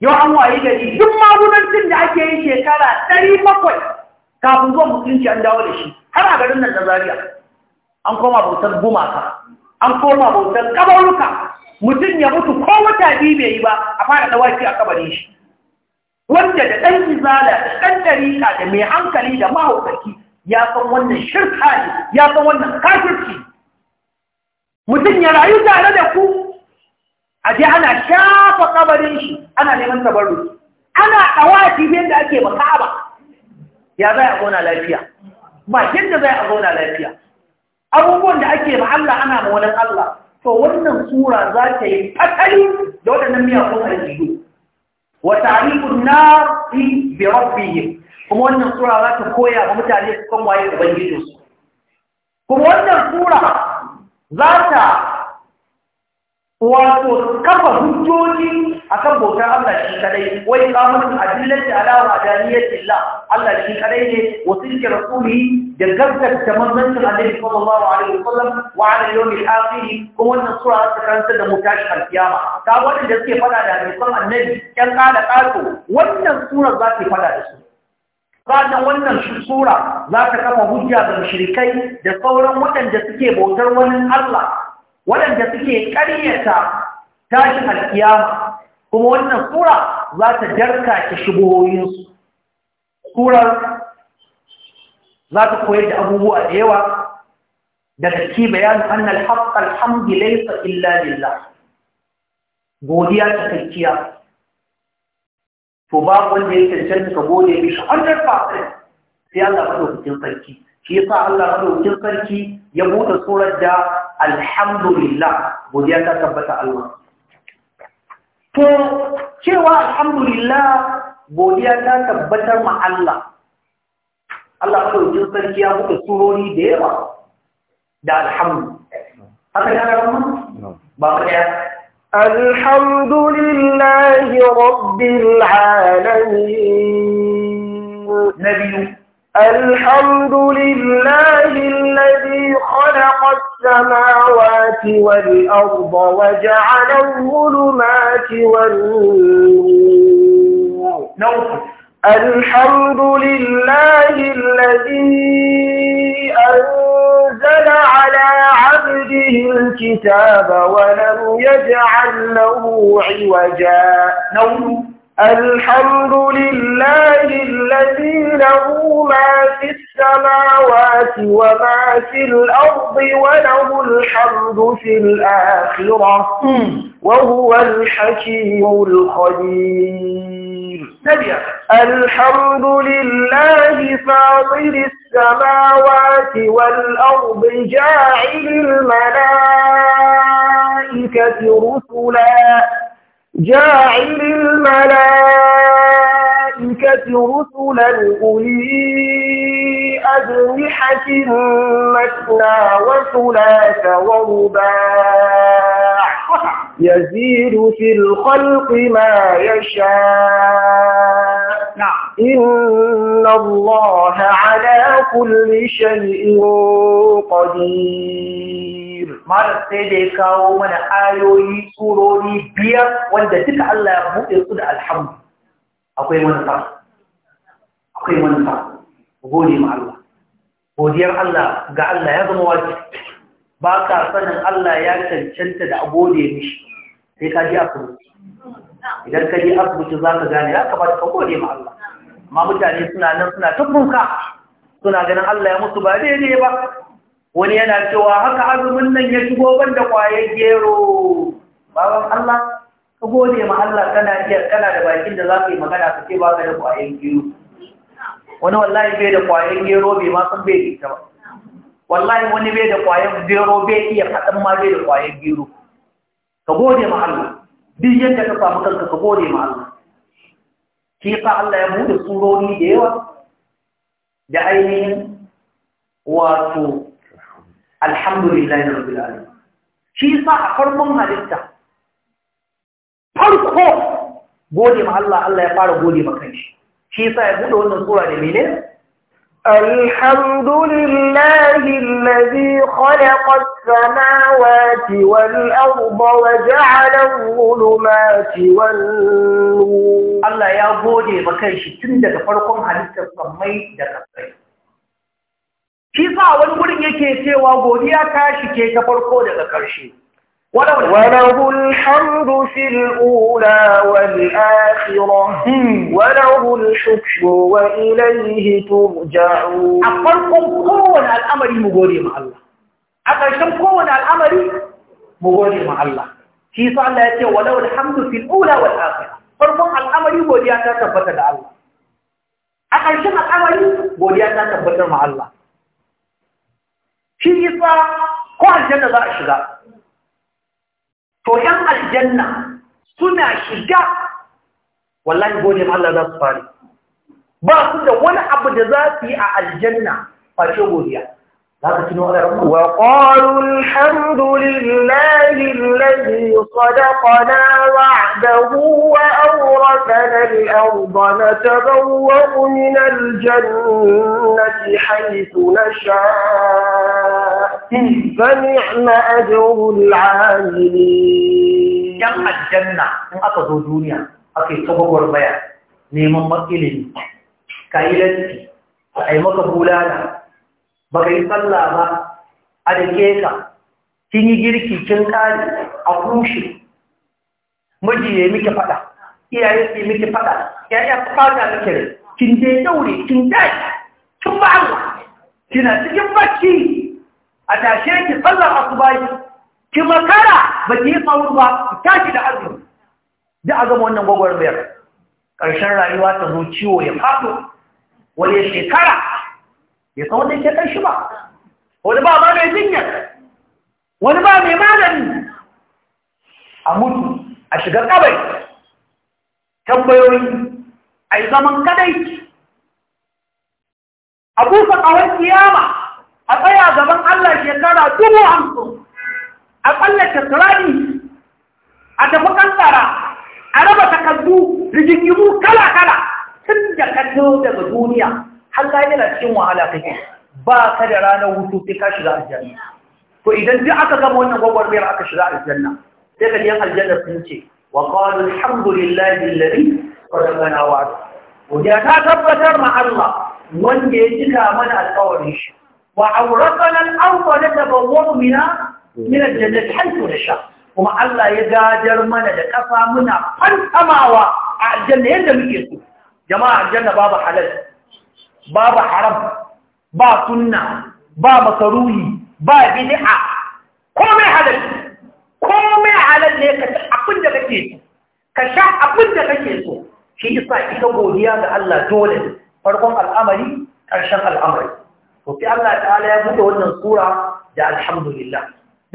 yau an waye gari duk magudancin da ake yi shekara ɗari bakwai kafin zuwa musulunci an dawo da shi har a garin nan Zariya. an koma bautar gumaka an koma bautar kabaruka mutum ya mutu ko wata biyu bai yi ba a fara dawaki a kabarin shi wanda da ɗan izala da ɗan ɗarika da mai hankali da mahaukaki ya san wannan shirka ne ya san wannan kafirci mutum ya rayu tare da ku a je ana shafa kabarin shi ana neman tabarru ana dawaki yadda ake makaba ya zai a zauna lafiya ba yadda zai a zauna lafiya abubuwan da ake ma Allah ana ma wani Allah to wannan sura za ta yi fatali da waɗannan miyakun aljihu wa tarihun na fi bi rabbihim kuma wannan sura za ta koya wa mutane su san waye ubangijinsu kuma wannan sura za ta wato kafa hujjoji akan bautar Allah shi kadai wai qamatun adillati ala wahdaniyyati Allah Allah shi kadai ne wa tilka rasuli da gaskata manzancin Annabi sallallahu alaihi wasallam wa ala yawmil akhir kuma wannan sura ta karanta da mutashi alkiyama ta wanda suke fada da Annabi sallallahu yan kada kaso wannan sura za ta fada da su ranar wannan sura za ta kafa hujja ga mushrikai da sauran waɗanda suke bautar wani Allah waɗanda suke ƙaryata tashin alkiyama kuma wannan sura za ta jarka ki shubuhoyinsu surar za ta koyar da abubuwa da yawa daga ki bayanin annal haqqal hamdi illa lillah godiya ta kakkiya to ba wanda ya cancanta ka gode mishi 100% sai Allah madaukakin sarki shi yasa Allah madaukakin sarki ya buɗe surar da alhamdulillah godiya ta tabbata Allah to cewa alhamdulillah godiya ta tabbatar ma Allah Allah madaukakin sarki ya buɗe surori da yawa da alhamdu haka ya rabu ba ɗaya الحمد لله رب العالمين نبي الحمد لله الذي خلق السماوات والأرض وجعل الظلمات والنور الحمد لله الذي أنزل على عبده الكتاب ولم يجعل له عوجا الحمد لله الذي له ما في السماوات وما في الأرض وله الحمد في الآخرة وهو الحكيم الخبير الحمد لله فاطر السماوات والأرض جاعل الملائكة رسلا جاعل الملائكة رسلا أولي أجنحة مثنى وثلاث ورباع يزيد في الخلق ما يشاء نعم إن الله على كل شيء قدير ما سيدي كاو من آيوي سوروري بيا وانت تك الله قد الحمد أقوي من فرق أقوي من فرق gode ma Allah godiyar Allah ga Allah ya zama ba ka sanin Allah ya cancanta da agode mishi sai ka ji afirci idan ka ji afirci za ka gane ya kamata ka gode ma Allah amma mutane suna nan suna tabbuka suna ganin Allah ya musu ba daidai ba wani yana cewa haka azumin nan ya shigo ban da kwaye gero baban Allah ka gode ma Allah kana iya kana da bakin da za ka yi magana ka ce ba ka da kwayen gero wani wallahi bai da kwayen gero bai ma san bai da ita ba wallahi wani bai da kwayar gero bai iya faɗin ma bai da kwayar gero ka gode ma Allah duk yadda ka samu kanka ka gode ma Allah shi fa Allah ya bude surori da yawa da ainihin wato alhamdulillahi rabbil alamin shi sa a farkon halitta farko gode ma Allah Allah ya fara gode ma kanshi shi sa ya bude wannan sura da menene الحمد لله الذي خلق السماوات والأرض وجعل الظلمات والنور الله يا بودي بكيش تندق فرقم هل تصمي دقصي shi sa wani wurin yake cewa godiya ta shike ta وله الحمد في الأولى والآخرة وله الشكر وإليه ترجعون أفركم كون الأمر مغوري مع الله أفركم كون الأمر مغوري مع الله في صلى الله عليه وله الحمد في الأولى والآخرة فركم الأمر مغوري تثبت مع الله كون الأمر مغوري تثبت مع الله في صلى الله عليه وسلم to ‘yan aljanna suna shiga wallahi gode Allah za su fari ba su da wani abu da za su yi a aljanna fashe godiya وقالوا الحمد لله الذي صدقنا وعلا وحده وأورثنا الأرض نتبوأ من الجنة حيث نشاء فنعم أجر العاملين كم الجنة أتظهر دنيا أكيد تبقر بيان neman matsilin ka yi lanti a yi maka bulala ba ka yi a da keka girki kin kare, a kushi. miji ya yi miki faɗa iyaye su yi miki faɗa yaya fada da kere kin je daure kin dai kin ba Allah kina cikin bacci a tashe ki sallar asuba ki makara ba ki yi tsawon ba ki tashi da azumi da a gama wannan gwagwarmayar ƙarshen rayuwa ta zo ciwo ya faɗo wani shekara ya san wani ke kan shi ba wani ba ma mai jinyar wani ba mai magani a mutu a shiga kabai tambayoyi a yi zaman kadai a busa kawai kiyama a tsaya gaban Allah shekara dubu hamsin a tsallake turani a tafi kankara a raba takardu rigingimu kala-kala tun da kallo daga duniya har ga yana cikin wahala kake ba ka da ranar hutu sai ka shiga aljanna to idan duk aka gama wannan gwagwarmayar aka shiga aljanna Daga ka yan aljanna sun ce wa qalu alhamdulillahi alladhi qadana wa'ada godiya ta tabbatar ma Allah wanda ya cika mana alƙawarin shi wa awrasana al-ardha natabawwa'u minha min al-jannati haythu nasha kuma Allah ya gajar mana da kafa muna fantamawa a aljanna yadda muke so jama'a aljanna babu halal babu haram ba sunna ba makaruhi ba bid'a komai halal komai halal ne ka ci abin da kake so ka sha abin da kake so shi isa ita godiya ga Allah dole farkon al'amari ƙarshen al'amari to sai Allah ta'ala ya bude wannan sura da alhamdulillah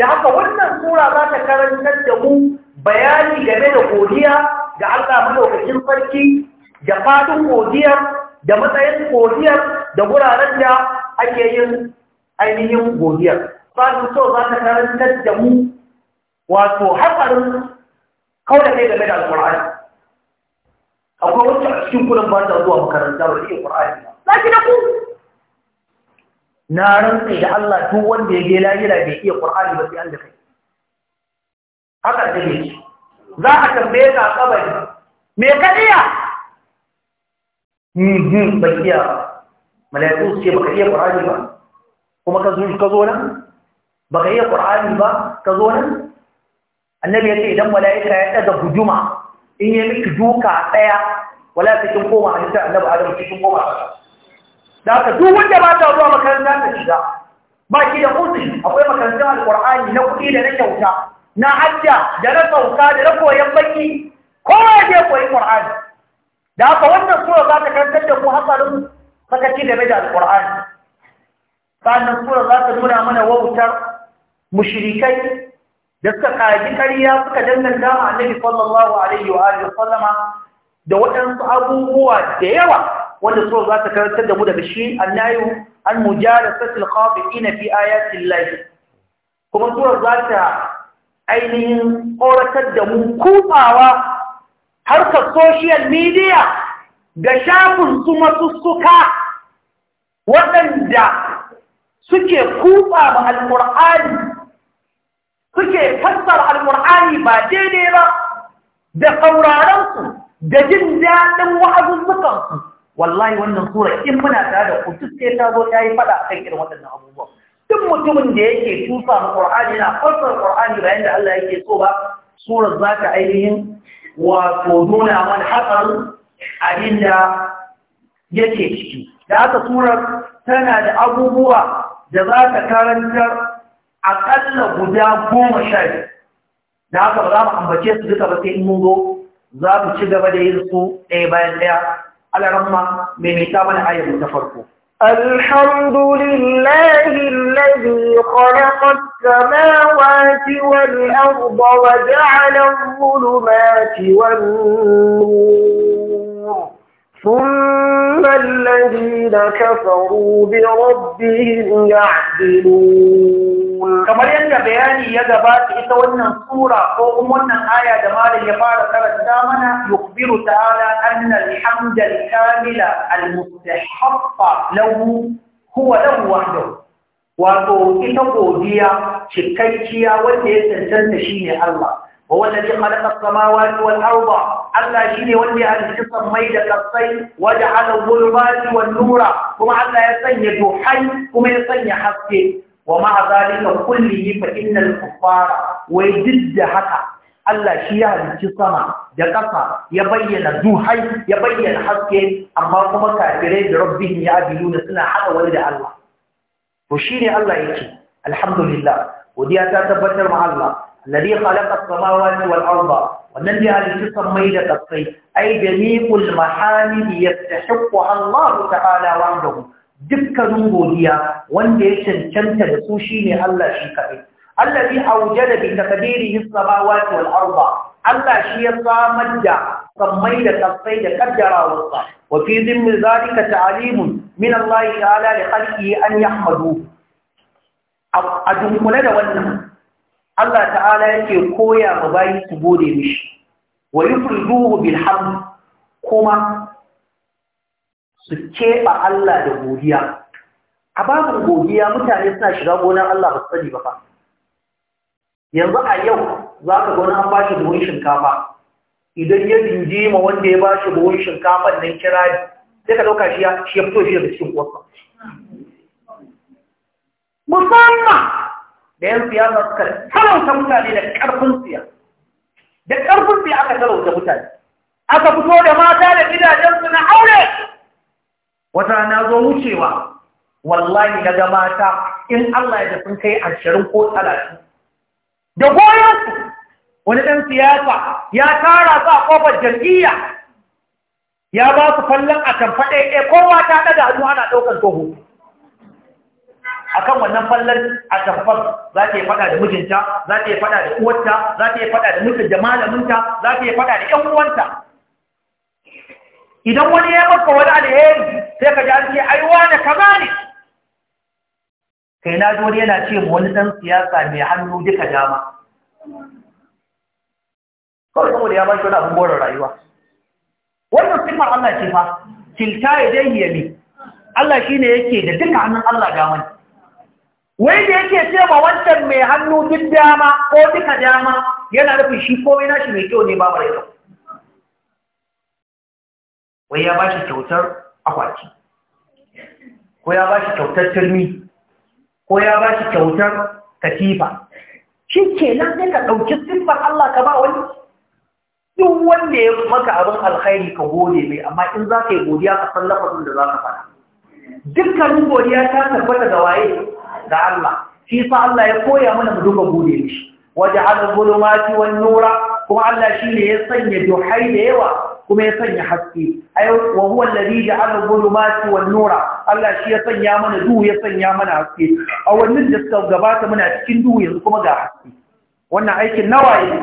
da haka wannan sura za ta karantar da mu bayani game da godiya ga Allah madaukakin sarki da fadin godiya da matsayin godiya da wuraren da ake yin ainihin godiya fadin so za ta karantar da mu wato hatsarin kawai kai game da alƙur'ani akwai wacce cikin kunan ba ta zuwa makaranta ba iya ƙur'ani ba za ki da ku na rantsa da Allah duk wanda ya je lahira bai iya ƙur'ani ba sai an da kai haka da ne za a tambaye ka kabari me ka iya mhm ba iya malaiku ce ba ka iya ƙur'ani ba kuma ka zo ka zo nan baka iya ƙur'ani ba ka zo nan annabi ya ce idan mala'ika ya ɗaga hujuma in yi miki duka ɗaya wala ta kin koma halittar annabi adam cikin koma da aka duk wanda ba ta zuwa makaranta ta shiga ba ki da uzuri akwai makarantar alƙur'ani na kuɗi da na kyauta na hajja da na sauka da na koyon baki ko ya je koyi ƙur'ani da haka wannan sura za ta karantar da ku hatsarin sakaci game da alƙur'ani sannan sura za ta nuna mana wautar mushrikai da suka kaji ƙarya suka danganta ma annabi sallallahu alaihi wa alihi sallama da waɗansu abubuwa da yawa wanda so za ta karantar da mu daga shi annayu an mujalasatil khafi'in fi ayatil lahi kuma sura za ta ainihin koratar da mu kubawa harkar social media ga shafin su masussuka waɗanda suke kuɓa ma alƙur'ani suke fassara alƙur'ani ba daidai ba da su. da jin daɗin su. wallahi wannan sura in muna tare da ku duk sai ta zo ta yi faɗa a kan irin waɗannan abubuwa duk mutumin da yake tusa ma ƙur'ani yana fassara ƙur'ani bayan da Allah yake so ba surar za ta ainihin wato nuna mana hatsarin abin da yake ciki da aka surar tana da abubuwa da za ta karantar aƙalla guda goma sha biyu da haka ba za mu ambace su duka ba sai in mun za mu ci gaba da yin su ɗaya bayan ɗaya alarma mai mai ta mana ayyar ta farko الحمد لله الذي خلق السماوات والأرض وجعل الظلمات والنور ثم الذين كفروا بربهم يعدلون kamar yadda bayani ya gabata ita wannan sura ko kuma wannan aya da malam ya fara karanta mana yukhbiru ta'ala anna alhamda al al-mustahaqqa lahu huwa lahu wahdahu wato ita godiya cikakkiya wanda ya tantance shine Allah هو الذي خلق السماوات والأرض ألا شيني ولي أن جسم ميدة الصين وجعل الظلمات والنور ثم ya يسني حي ثم يسني حسكي ومع ذلك كله فإن الكفار ويجد haka? Allah shi ya halicci sama da ƙasa ya bayyana duhai ya bayyana haske amma kuma kafirai da rabbihim ya abilu da suna haɗa wani da Allah to shi ne Allah yake alhamdulillah godiya ta tabbatar ma Allah الذي خلق السماوات والأرض والنبي على الجسم ميلة الصيد أي جميع المحامد يستحقها الله تعالى وحده dukkanin godiya wanda ya cancanta da su shine Allah shi kaɗai. Allah bi aujada bi takdirihi samawati wal arda. Allah shi ya samar da sammai da kasai da kaddarawarsa. Wa fi dhimmi zalika an A dunkule da wannan Allah ta'ala yake koya ma bayi su gode mishi wa yufriduhu bil hamd kuma su keɓa Allah da godiya a babu godiya mutane suna shiga gonar Allah ba su sani ba yanzu a yau za ka gona an bashi buhun shinkafa idan ya jinji ma wanda ya bashi buhun shinkafa nan kirari sai ka ɗauka shi ya fito shi daga cikin kwasa musamman da yan siyasa suka talauta mutane da ƙarfin siya da ƙarfin siya aka talauta mutane aka fito da mata da gidajensu na aure wata na zo wucewa wallahi ga mata in Allah ya da sun kai ashirin ko talatin da goyonsu wani ɗan siyasa ya tara su a ƙofar jam'iyya ya ba su fallon a kan faɗe eh, kowa ta ɗaga hannu ana ɗaukar toho akan wannan fallar a tafafar za ta yi fada da mijinta za ta yi fada da uwarta za ta yi fada da mutum da malaminta za ta yi fada da ƴan uwanta idan wani ya maka wani alheri sai ka ji an ce ai wani kaza ne kai na ji wani yana ce mu wani dan siyasa mai hannu duka dama kawai saboda ya ba shi wani abin goron rayuwa wannan sifar Allah ce fa kilta ya dai Allah shi ne yake da duka hannun Allah damani wai da yake ce ma wancan mai hannu duk dama ko duka dama yana nufin shi yana shi mai kyau ne ba mara yau wai ya ba shi kyautar akwati ko ya ba shi kyautar turmi ko ya ba shi kyautar katifa shi ke nan ne ka ɗauki siffar Allah ka ba wani duk wanda ya maka abin alkhairi ka gode mai amma in za ka yi godiya ka san lafazin da za ka fara dukkanin godiya ta tabbata ga waye Da Allah shi sa Allah ya koya mana mu duka gode mishi waja'al zulumati wan nura kuma Allah shine ya sanya duhai da yawa kuma ya sanya haske ay wa huwa alladhi ja'al zulumati wan nura Allah shi ya sanya mana duhu ya sanya mana haske a wannan da suka gabata muna cikin duhu yanzu kuma ga haske wannan aikin nawa ne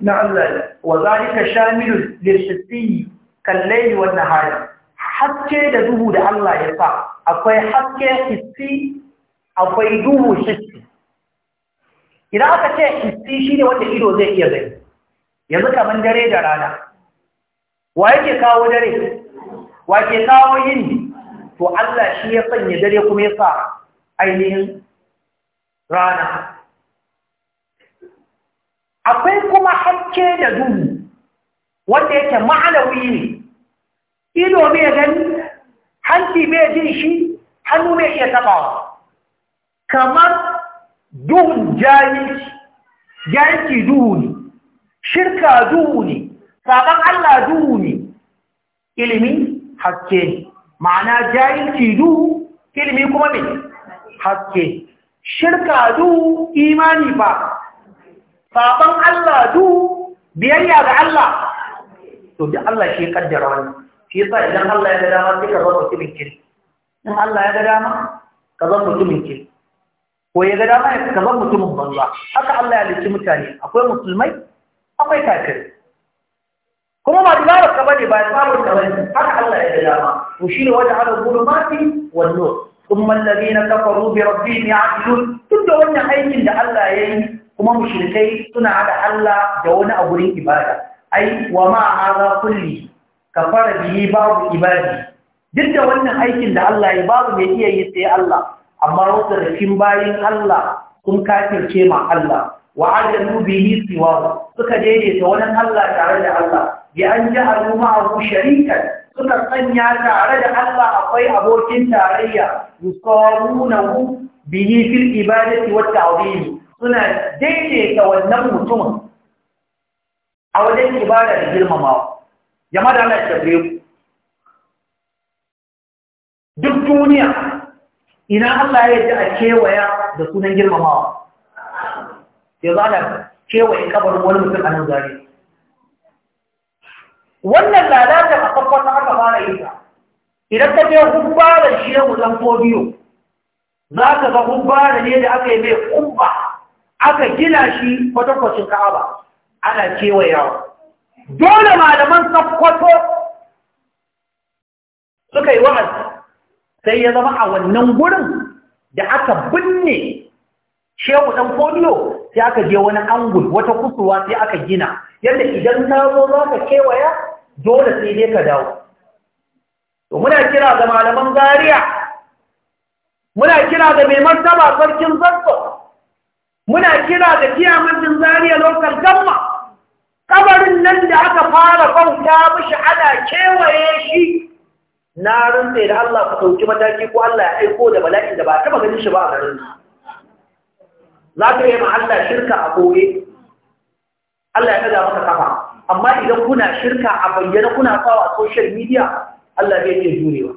na Allah wa zalika shamilun lishfi kal wan nahar haske da duhu da Allah ya sa akwai haske hissi akwai duhu shiski idan aka ce shiski shi ne wanda ido zai iya zai yanzu kamar dare da rana wa yake kawo dare wa ke kawo yin? to Allah shi ya sanya dare kuma ya sa ainihin rana akwai kuma hakke da duhu wanda yake ma'anawi ne ido mai gani hanci mai jin shi hannu mai iya tabawa kamar duhun jayinci, jayinci duhu ne shirka duhu ne saban Allah duhu ne ilimi haske ne ma'ana jayinci duhu ilimi kuma ne haske shirka duhu imani ba saban Allah duhu biyayya ga Allah to da Allah shi kaddara wani shi yasa idan Allah ya ga dama sai ka zama mutumin kiri in Allah ya ga dama ka zama mutumin kiri ko ya ga dama ya zama mutumin banza haka Allah ya halicci mutane akwai musulmai akwai kafirai kuma ba dubara ka bane ba samun ka bane haka Allah ya ga dama to shine wanda ala gulumati wan nur thumma alladhina kafaru bi rabbihim ya'dilun duk da wannan aikin da Allah ya yi kuma mushrikai suna hada Allah da wani a gurin ibada ai wa ma hadha kulli kafara bihi babu ibadi duk da wannan aikin da Allah ya yi babu mai iya yi sai Allah amma wasu bayan Allah sun kafirce ma Allah wa ajalu bihi siwa suka daidaita wani Allah tare da Allah bi an a ku sharikan suka sanya tare da Allah akwai abokin tarayya yusarunahu bihi fil ibadati wat ta'zim suna daidaita wannan mutumin a wajen ibada da girmamawa jama'a da Allah ya duk duniya ina Allah ya yi a kewaya da sunan girmamawa ya za da kewaye kabarin wani mutum a nan zari wannan lalata a kafar na aka fara yi ta idan ka je hubbarar shi ya mutan biyu, za ka ga hubbarar ne da aka yi mai kumba aka gina shi kwatakwacin ka'aba ana kewayawa dole malaman sakkwato suka yi wa'azi sai ya zama a wannan gurin da aka binne shehu ɗan fodiyo sai aka je wani angul wata kusurwa sai aka gina yadda idan ta zo za ka kewaya dole sai dai ka dawo to muna kira ga malaman zaria muna kira ga mai martaba sarkin zarko muna kira ga kiyamancin Zariya lokal gamma kabarin nan da aka fara kwanta mashi ana kewaye shi na rinde da Allah ku dauki mataki ko Allah ya aiko da bala'in da ba ta ganin shi ba a garin za ka yi ma Allah shirka a koye Allah ya kada maka kafa amma idan kuna shirka a bayyana kuna sawa a social media Allah zai iya jurewa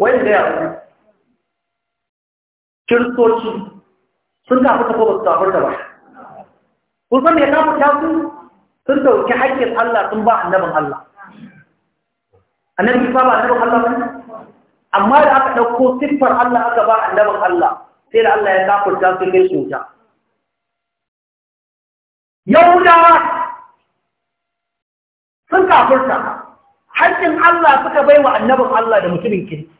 wani da yawa kiristoci sun kafa ta ba su kafarta ba Kusan me ya kafa su sun dauki haƙƙin Allah sun ba annabin Allah annabi isa ba annabin Allah ba amma da aka ɗauko siffar Allah aka ba annabin Allah sai da Allah ya kafurta su kai su ta yahudawa sun kafurta haƙƙin Allah suka bai wa annabin Allah da mutumin kirki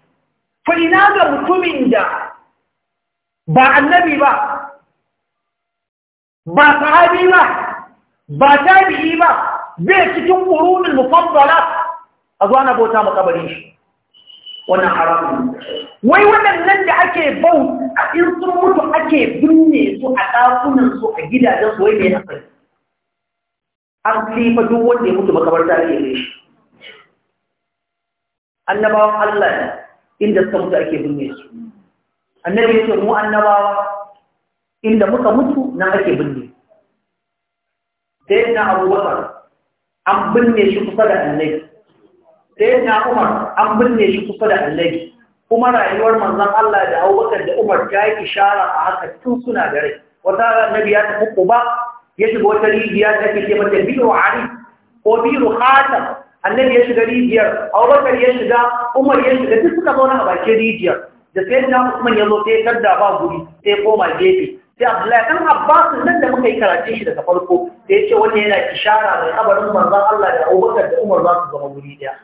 fa ina ga mutumin da ba annabi ba ba sahabi ba ba tabi'i ba zai cikin qurunul mufaddala a zuwa na bauta makabarin shi wannan haramun wai waɗannan da ake bau a in sun mutu ake binne su a ɗakunan su a gidajen su wai mai asali an sifa duk wanda ya mutu makabarta ne ya shi annabawan Allah inda suka mutu ake binne su annabi ya ce mu annabawa inda muka mutu nan ake binne sai na abubakar an binne shi kusa da annabi sai na Umar an binne shi kusa da Annabi kuma rayuwar manzan Allah da Abubakar da Umar ta yi ishara a haka tun suna da rai wata Annabi ya tafi Quba ya shiga wata rijiya da ake cewa ta Biru ari. ko Biru Khatam Annabi ya shiga rijiyar Abubakar ya shiga Umar ya shiga duk suka zauna a bakin rijiyar da sai na Usman ya zo sai kadda ba guri sai koma gefe sai Abdullahi dan Abbas nan da muka yi karatun shi daga farko sai ya ce wannan yana ishara da kabarin manzan Allah da Abubakar da Umar za su zama guri daya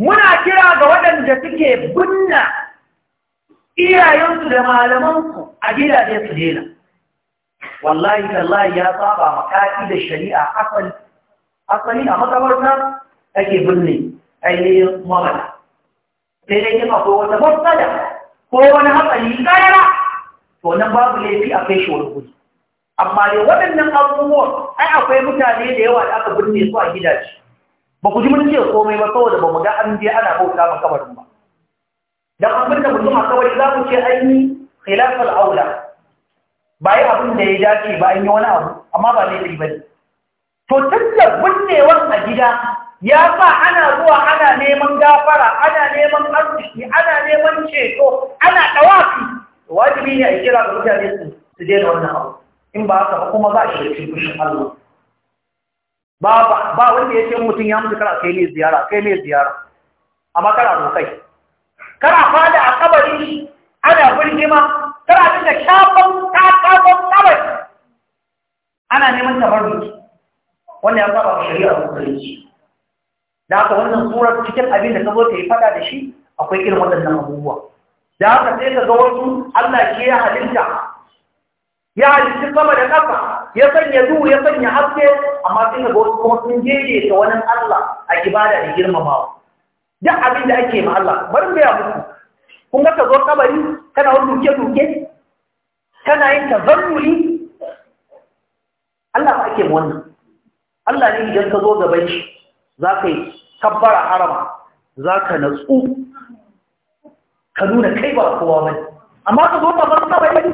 muna kira ga waɗanda suke binna iyayensu da malamansu a gidaje su dela wallahi Wallahi ya saba makaƙi da shari'a asali asali a matsawarta ake binne ainihin mamala sai dai yin akwai wata matsala ko wani hatsari ƙayara to nan babu laifi a kai shi wani amma dai waɗannan abubuwan ai akwai mutane da yawa da aka binne su a gidaje ba ku ji mun ce komai ba saboda ba mu ga an je ana bauta ma kabarin ba dan abin da mutum a kawai za mu ce an yi khilafal aula ba yi abin da ya dace ba an yi wani abu amma ba laifi ba ne to tunda bunnewar a gida ya sa ana zuwa ana neman gafara ana neman arziki ana neman ceto ana dawafi wajibi ne a kira ga mutane su daina wannan abu in ba haka kuma za a shirki fushin Allah ba ba wanda yake mutum ya mutu kana kai ne ziyara kai ne ziyara amma kana rokai kana fada a kabari ana birgima kana dinga shafan katakon kabari ana neman tabarruki wannan ya saba shari'a musulunci da haka wannan surar cikin abin da ka zo ta yi fada da shi akwai irin waɗannan abubuwa da haka sai ka ga wasu Allah ke ya halitta ya halitta sama da kafa. ya sanya duhu ya sanya haske amma sun ga wasu kuma sun jeje ta wani Allah a ibada da girmamawa duk abin da ake ma Allah bari mu ya musu kun ga ka zo kabari kana wani duke duke kana yin tazarruli Allah ba ake wannan Allah ne idan ka zo gaban shi za ka yi kabbara harama za ka natsu ka nuna kai ba kowa bane amma ka zo ka bar kabari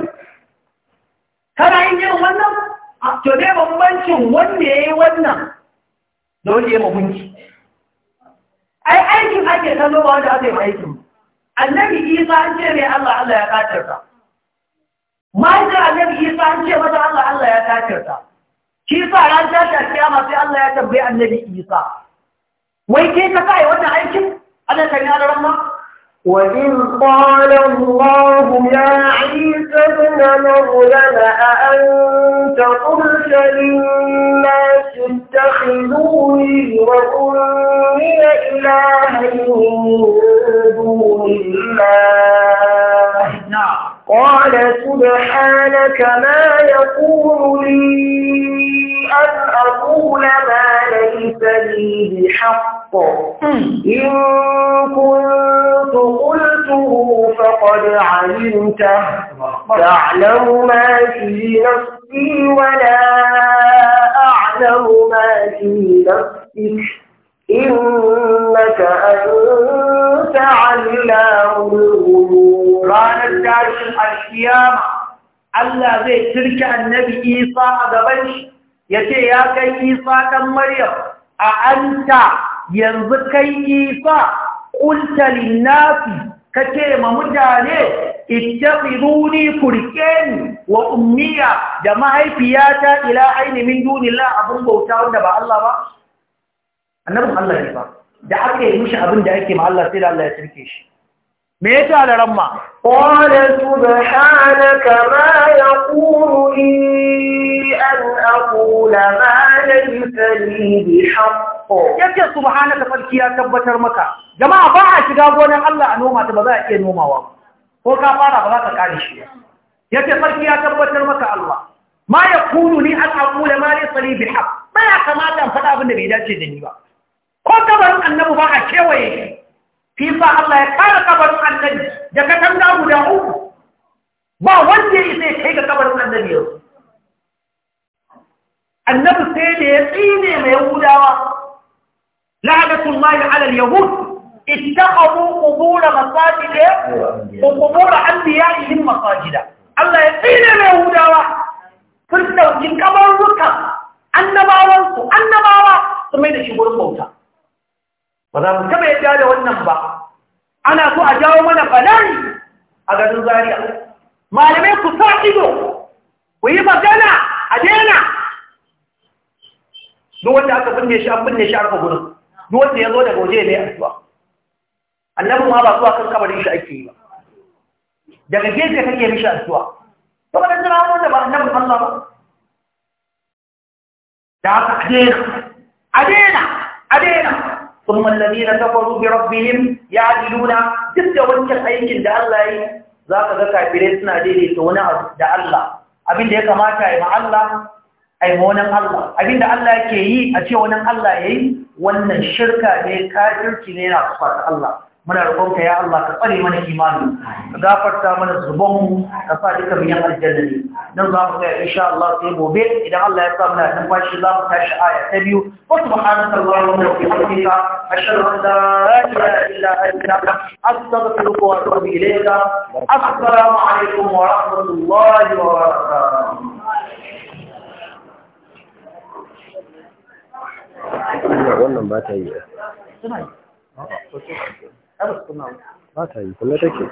kana yin yin wannan to dai bambancin wanda ya yi wannan da wani ya mamunci ai aikin ake kallo ba wanda aka yi aikin annabi isa an ce mai allah allah ya katarta mahaifin annabi isa an ce mata allah allah ya katarta shi sa ran tashi kiyama masu allah ya tambayi annabi isa wai ke ka yi wannan aikin ana kan yaran ma وإذ قال الله يا عيسى ابن مريم أأنت قلت للناس اتخذوني وأمي إلهين من دون الله نعم قال سبحانك ما يقول لي أن أقول ما ليس لي بحق إن كنت قلته فقد علمته تعلم ما في نفسي ولا أعلم ما في نفسك إنك أنت علام الغيوب ranar tashin alkiyama Allah zai turke annabi Isa a gaban shi ya ce ya kai Isa ɗan Maryam a anta yanzu kai Isa ƙulta Ka kace ma mutane ittaqiduni ni wa ummiya da mahaifiyata ila aini min dunillah abun bauta wanda ba Allah ba annabi Allah ne ba da aka yi mishi abin da yake ma Allah sai da Allah ya tirke shi me ya ta da ramma qala subhanaka ma ya li an aqula ma laysa li bihaqq yace subhanaka farki ya tabbatar maka jama'a ba a shiga gonan Allah a noma ta ba za a iya nomawa ko ka fara ba za ka kare shi yace farki ya tabbatar maka Allah ma yaqulu li an aqula ma laysa li bihaqq ba ya kamata in faɗa abin da bai dace da ni ba ko kabarin annabi ba a kewaye shi sa Allah ya kare kabarin annabi da katanga guda uku ba wanda ya isa kai ga kabarin annabi yau annabi sai da ya tsine mai yahudawa la'natullahi 'ala al-yahud ittakhadhu qubur masajid wa qubur anbiya'ihim masajida Allah ya tsine mai yahudawa sun dauki kabarukan annabawansu annabawa su mai da shi gurin bauta ba za mu taɓa yadda da wannan ba ana so a jawo mana falari a garin Zariya. malamai ku sa ido ku yi magana a dena. duk wanda aka binne shi an binne shi aka gudun duk wanda ya zo daga waje ne asuwa annabin ma ba zuwa kan kabarin shi ake yi ba daga gefe kake mishi asuwa saboda jira wanda ba annabin Allah ba da aka a adena a a ثم الذين كفروا بربهم يعدلون duk da wancan aikin da Allah yi za ka ga kafirai suna daidaita wani abu da Allah abin da ya kamata a yi ma Allah a yi ma wani Allah abin da Allah ke yi a ce wani Allah ya yi, wannan shirka ne kafirci ne na kufar Allah muna roƙonka ya Allah ka tsare mana imani ka gafarta mana zubanmu ka sa duka biyan aljanna ne nan za mu ga insha Allah sai gobe idan Allah ya sa muna numfashi za mu tashi aya ta biyu wa subhanaka allahumma wa bihamdika ashhadu an la ilaha illa anta astaghfiruka wa atubu ilayka assalamu alaikum wa rahmatullahi wa barakatuh wannan ba ta yi ba ta yi kula take